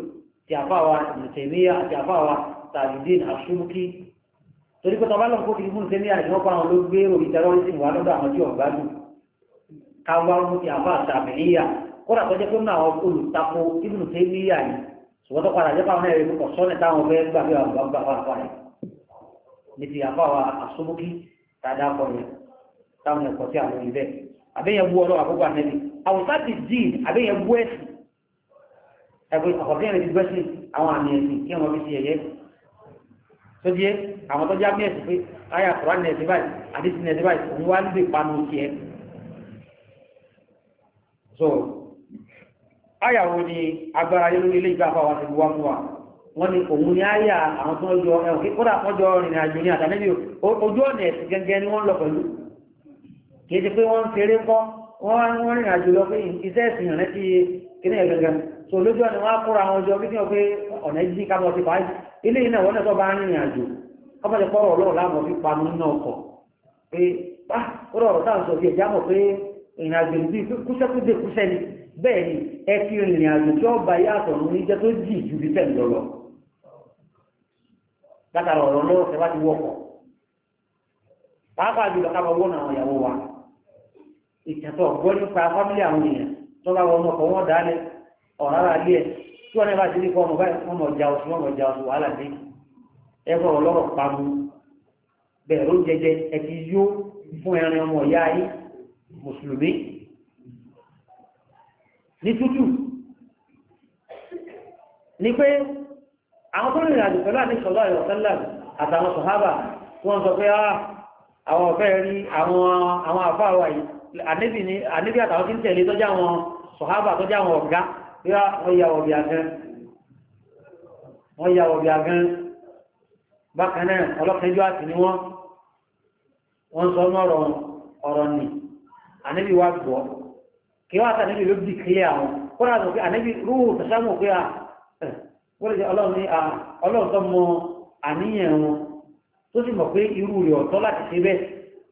ti àfáwa ìmùtẹ̀míyà àti àfáwa tàbídìn àṣùmùkí torí pé tọ́ba lọ́nkó kìí fún ìsẹ́míyà ìwọ́n pa àwọn olóògbé òbí tẹ́rọ́rìsì wà lọ́dọ̀ àwọn tí ọ̀gbádùn káwọn mú ti àfáà tàbíyà kódà tó jẹ́ pé náà olùtakò ibùdó tó ní yà ní ṣùgbọ́n tó padà jẹ́ pé àwọn ẹ̀rí kò sọ́nà táwọn fẹ́ gbà bí àwọn gbà wà pa rẹ̀ ní ti àbá wa àsọ́bókí tàdá kọ rẹ̀ táwọn ẹ̀kọ́ tí àwọn ìbẹ̀ àbẹ́yẹ bú ọlọ́wà gbogbo àtẹ́bí àwùsá ti dì àbẹ́yẹ bú ẹ̀sìn ẹ̀kọ́ ọ̀kọ́kẹ́ rẹ̀ ti gbẹ́sìn àwọn àmì ẹ̀sìn kí wọ́n fi ṣe ẹ̀yẹ tó jẹ́ àwọn tó jábí ẹ̀sìn pé ayà kùrá ní ẹ̀sìn báyìí àdísìn ẹ̀sìn báyìí òun wá níbi ìpanu ti ẹ̀ so áyàwó ni agbára yẹn lórí ilé ìgbàfà wa ti wá fún wa wọ́n ní òun ní áyà àwọn tó ń yọ ẹ̀wọ̀n kí kódà wọ́n rìnrìn àjò ní àtàlẹ́bí ojú ọ̀nà ẹ̀sìn gẹ́gẹ́ ni wọ́n lọ pẹ̀lú kì í ti pé wọ́n ń ṣeré kọ́ wọ́n wọ́n rìnrìn àjò lọ pé iṣẹ́ ìsìn rẹ̀ ti kíní ẹ̀ gẹ́gẹ́ so lójú ọ̀nà wọn á kóra àwọn ọjọ́ wípé pé ọ̀nà jí ká lọ sí pa ilé iná wọn náà tó bá rìnrìn àjò kọ́mọ̀lẹ́ kọ́rọ̀ ọlọ́run láàmọ̀ fi panu nínú ọkọ̀ pé bá kódà ọ̀rọ̀ táwọn sọ fi ẹ̀já mọ̀ pé ìrìn àjò ìbí kúṣẹ́ ni bẹ́ẹ̀ ni ẹ fi rìnrìn àjò tí ọba yàtọ̀ ní oníjẹ́ tó jì ju bí tẹ̀ lọ́lọ́ látara ọ̀rọ̀ lọ́wọ́ ṣe wá ti wọ́pọ̀ pàápàá jùlọ ká máa wọ́n àwọn ìyàwó wa ìtẹ̀tọ̀ gbọ́ nípa fámílì àwọn èèyàn tó bá wọn ọkọ̀ wọn dálẹ̀ ọ̀rára ilé ẹ̀ tí wọ́n náà bá ti rí fọ́ ọmọ báyìí ọmọ ọjà oṣù ọmọ ọjà oṣù wàhálà dé ẹ̀fọ́ ọlọ́rọ̀ pamu bẹ̀rù jẹjẹ ẹ̀ ti yó fún ẹran ọmọ ìyá yìí mùsùlùmí ní tútù ní pé àwọn tó rìnrìn àjò pẹ̀lú àdéṣọ́lá ìwọ̀sánlá àtàwọn sọ̀hábà wọ́n sọ pé ah, àwọn ọ̀fẹ́ rí àwọn àfáàwà ànẹ́bí àtàwọn tí ń tẹ̀lé tọ́já wọn sọ̀hábà tọ́já wọn ọ̀gá ah, wọ́n ya ọ̀bì wọ́n ya ọ̀bì àgán kìíwá tá níbi ló bì kílẹ̀ àwọn kódà tó fi ànábi rúhù tàṣámù pé à wọ́n lè jẹ́ ọlọ́run ní ọlọ́run tó mọ àníyàn wọn tó sì mọ̀ pé irú rẹ̀ ọ̀tọ́ láti ṣe bẹ́ẹ̀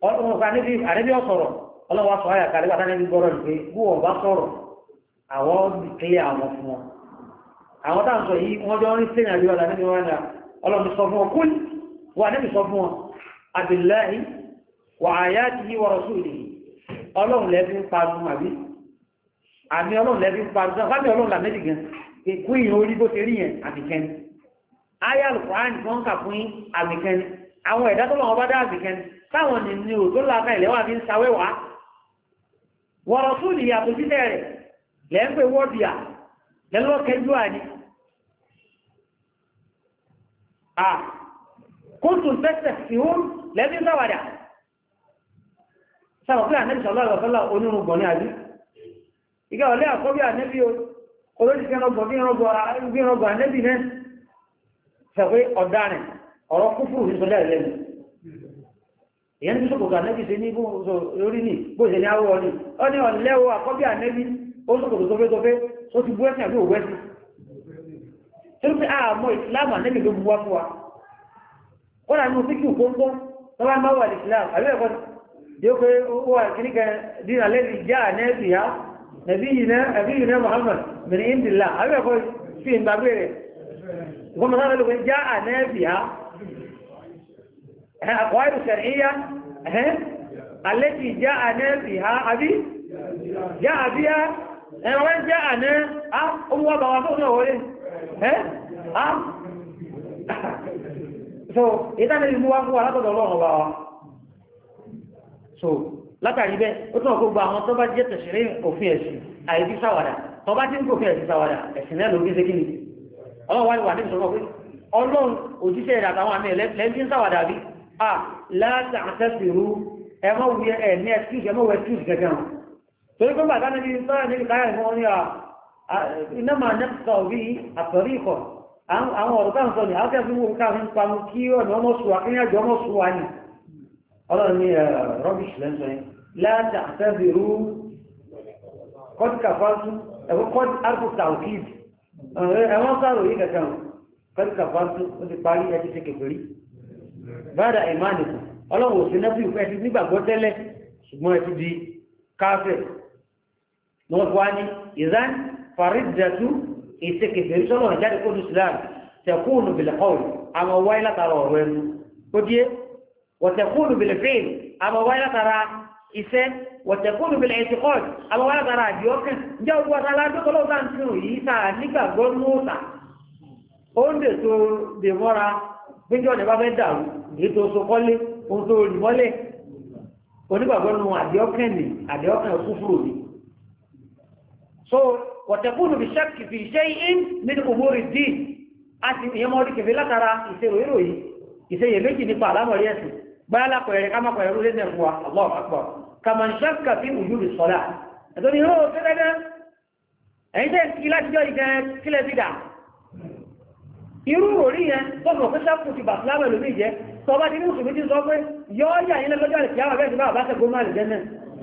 ọlọ́run fún ànábi ànábi ọ̀sọ̀rọ̀ ọlọ́run wa sọ àyà kàrí wàtá níbi gbọ́rọ̀ ní pé bó wọ́n bá sọ̀rọ̀ àwọn bì kílẹ̀ àwọn fún wọn. àwọn táwọn sọ yìí wọ́n jọ ń sẹ́yìn àjọ ànábi wọn náà ọlọ́run sọ fún àmì ọlọ́run lẹ́bí pàrọ̀sán fábí ọlọ́run làmẹ́dì gan ìkú ìyàn orí bó ti rí yẹn àbìkẹ́ni ayé alukuran tí wọ́n kà fún yín àbìkẹ́ni àwọn ẹ̀dá tó lọ́wọ́ bá dá àbìkẹ́ni táwọn ní ní òtó láta ìlẹ́wà fi ń sawẹ́wà wọ̀rọ̀ tún ní ìyàtọ̀ títẹ̀ rẹ̀ lẹ́ ń pè wọ́bìà lẹ́lọ́kẹ́jú àní kóòtù fẹ́sẹ̀ ìhún lẹ́bí sáwàdà sáwà pé ìgbà ọ̀lẹ́ àkọ́bí ànẹ́bí o olóṣìṣẹ́ ọgbọ̀n bí ìrọgbọ̀ ànẹ́bí náà sẹ̀wé ọ̀daràn ọ̀rọ̀ kúfù ìsọlẹ̀ lẹ́nu èyàn ní sọ́kòkò ànẹ́bí ṣe ní orí ní bóṣe ní àwọ̀ ní ọ ní ọ̀lẹ́wọ̀ àkọ́bí ànẹ́bí ó sọ́kòkò tófétófé ó ti bú ẹ̀sìn àbí òwú ẹ̀sìn tó fi àmọ́ ìsìláàmù ànẹ́bí ló buwá fún wa ó rà nínú fíkì òkóńkó tó bá ń bá wà ìsìláàmù àbí ẹ̀kọ́ yóò pé ó wà kíníkẹ́ dínà lẹ́nu ìjà ànẹ́bí yá نبينا نبينا محمد من عند الله أبي أقول فين بابيري هم قالوا لو جاء نبيها أقوال شرعية ها التي جاء نبيها أبي جاء بها وين جاء جاءنا هو بوافقنا هو إيه ها so إذا نبي موافق ولا هذا الله so látàrí bẹ́ẹ̀ ó tún ọ̀gbọ́gbọ́ àwọn tó bá jẹ́ tẹ̀sẹ̀rẹ́ òfin ẹ̀sìn àìbí sáwàdà tó bá ti ń gòfin ẹ̀sìn sáwàdà ẹ̀sìn náà ló gbé ṣe kíni ọlọ́run wá ní wà ní ìṣòro pé ọlọ́run òjíṣẹ́ rẹ̀ àtàwọn àmì ẹ̀lẹ́bí ń sáwàdà bí a láta àtẹ́sìrú ẹmọ wuyẹ ẹ ní ẹsíkì ẹmọ wẹ ẹsíkì gẹ́gẹ́ wọn torí pé bàtà níbi sọ́yà níbi káyà ìfọ́n ní iná máa ní sọ bí àtọ̀rí ikọ̀ àwọn ọ̀rọ̀ táwọn sọ ní àwọn kẹfì wọn káfí ń pamọ́ kí ọ̀nà ọmọ sùwà kí ní ẹjọ́ ọmọ sùwà ni ọlọ́run ní rọ́bìṣì lẹ́sọ̀ yẹn láti àtẹ́bìrú kọ́tíkà fású ẹ̀wọ́ kọ́tí àrùkùtà òkìd ẹ̀wọ́n sáró yìí kankan kọ́tíkà fású ó ti parí ẹtí ṣe kékeré báyà ìmáàlì kù ọlọ́run òsín náà fìfẹ́ ti nígbàgbọ́ tẹ́lẹ̀ ṣùgbọ́n ẹ ti di káfẹ́ wọn fún wa ní ìzán faridjatu ìṣe kékeré sọ́lọ́run jáde kó وتكون بالفعل أما ولا ترى إسان وتكون بالاعتقاد أما ولا ترى ديوك جاو وطلع بطلو تنسو إيسا نيكا قول موسى oúnjẹ tó dè mọ́ra gbígbọ́ ní bá fẹ́ dàrú ètò sọkọ́lé ohun دي rì mọ́lẹ̀ onígbàgbọ́ nu àdéọ́kàn ní àdéọ́kàn kúfúrò ní. so wọ̀tẹ̀kùnù bí sẹ́kì fi ṣe in nínú òmórí díì a sì ìyẹn mọ́ orí ise látara ìṣèrò ìròyìn ìṣeyèméjì nípa àlámọ̀rí báyà kọ̀ ẹ̀rẹ̀ ká má kọ̀ ẹ̀rọ lẹ́sẹ̀ fún wa Allahu akbar kàmá ń ṣàkà sí òjú rẹ̀ sọ́lá ẹ̀tọ́ ni yóò fẹ́ fẹ́ ẹ̀yin tẹ́ kí láti jọ ìgbẹ́ kílẹ̀ sí dà irú òrí yẹn tọ́sùn ọ̀fẹ́ ṣàkùn ti bàtìlámẹ̀ lómi jẹ́ tọ́ba ti ní mùsùlùmí ti sọ pé yọ́ yà yín lọ́jọ́ àlè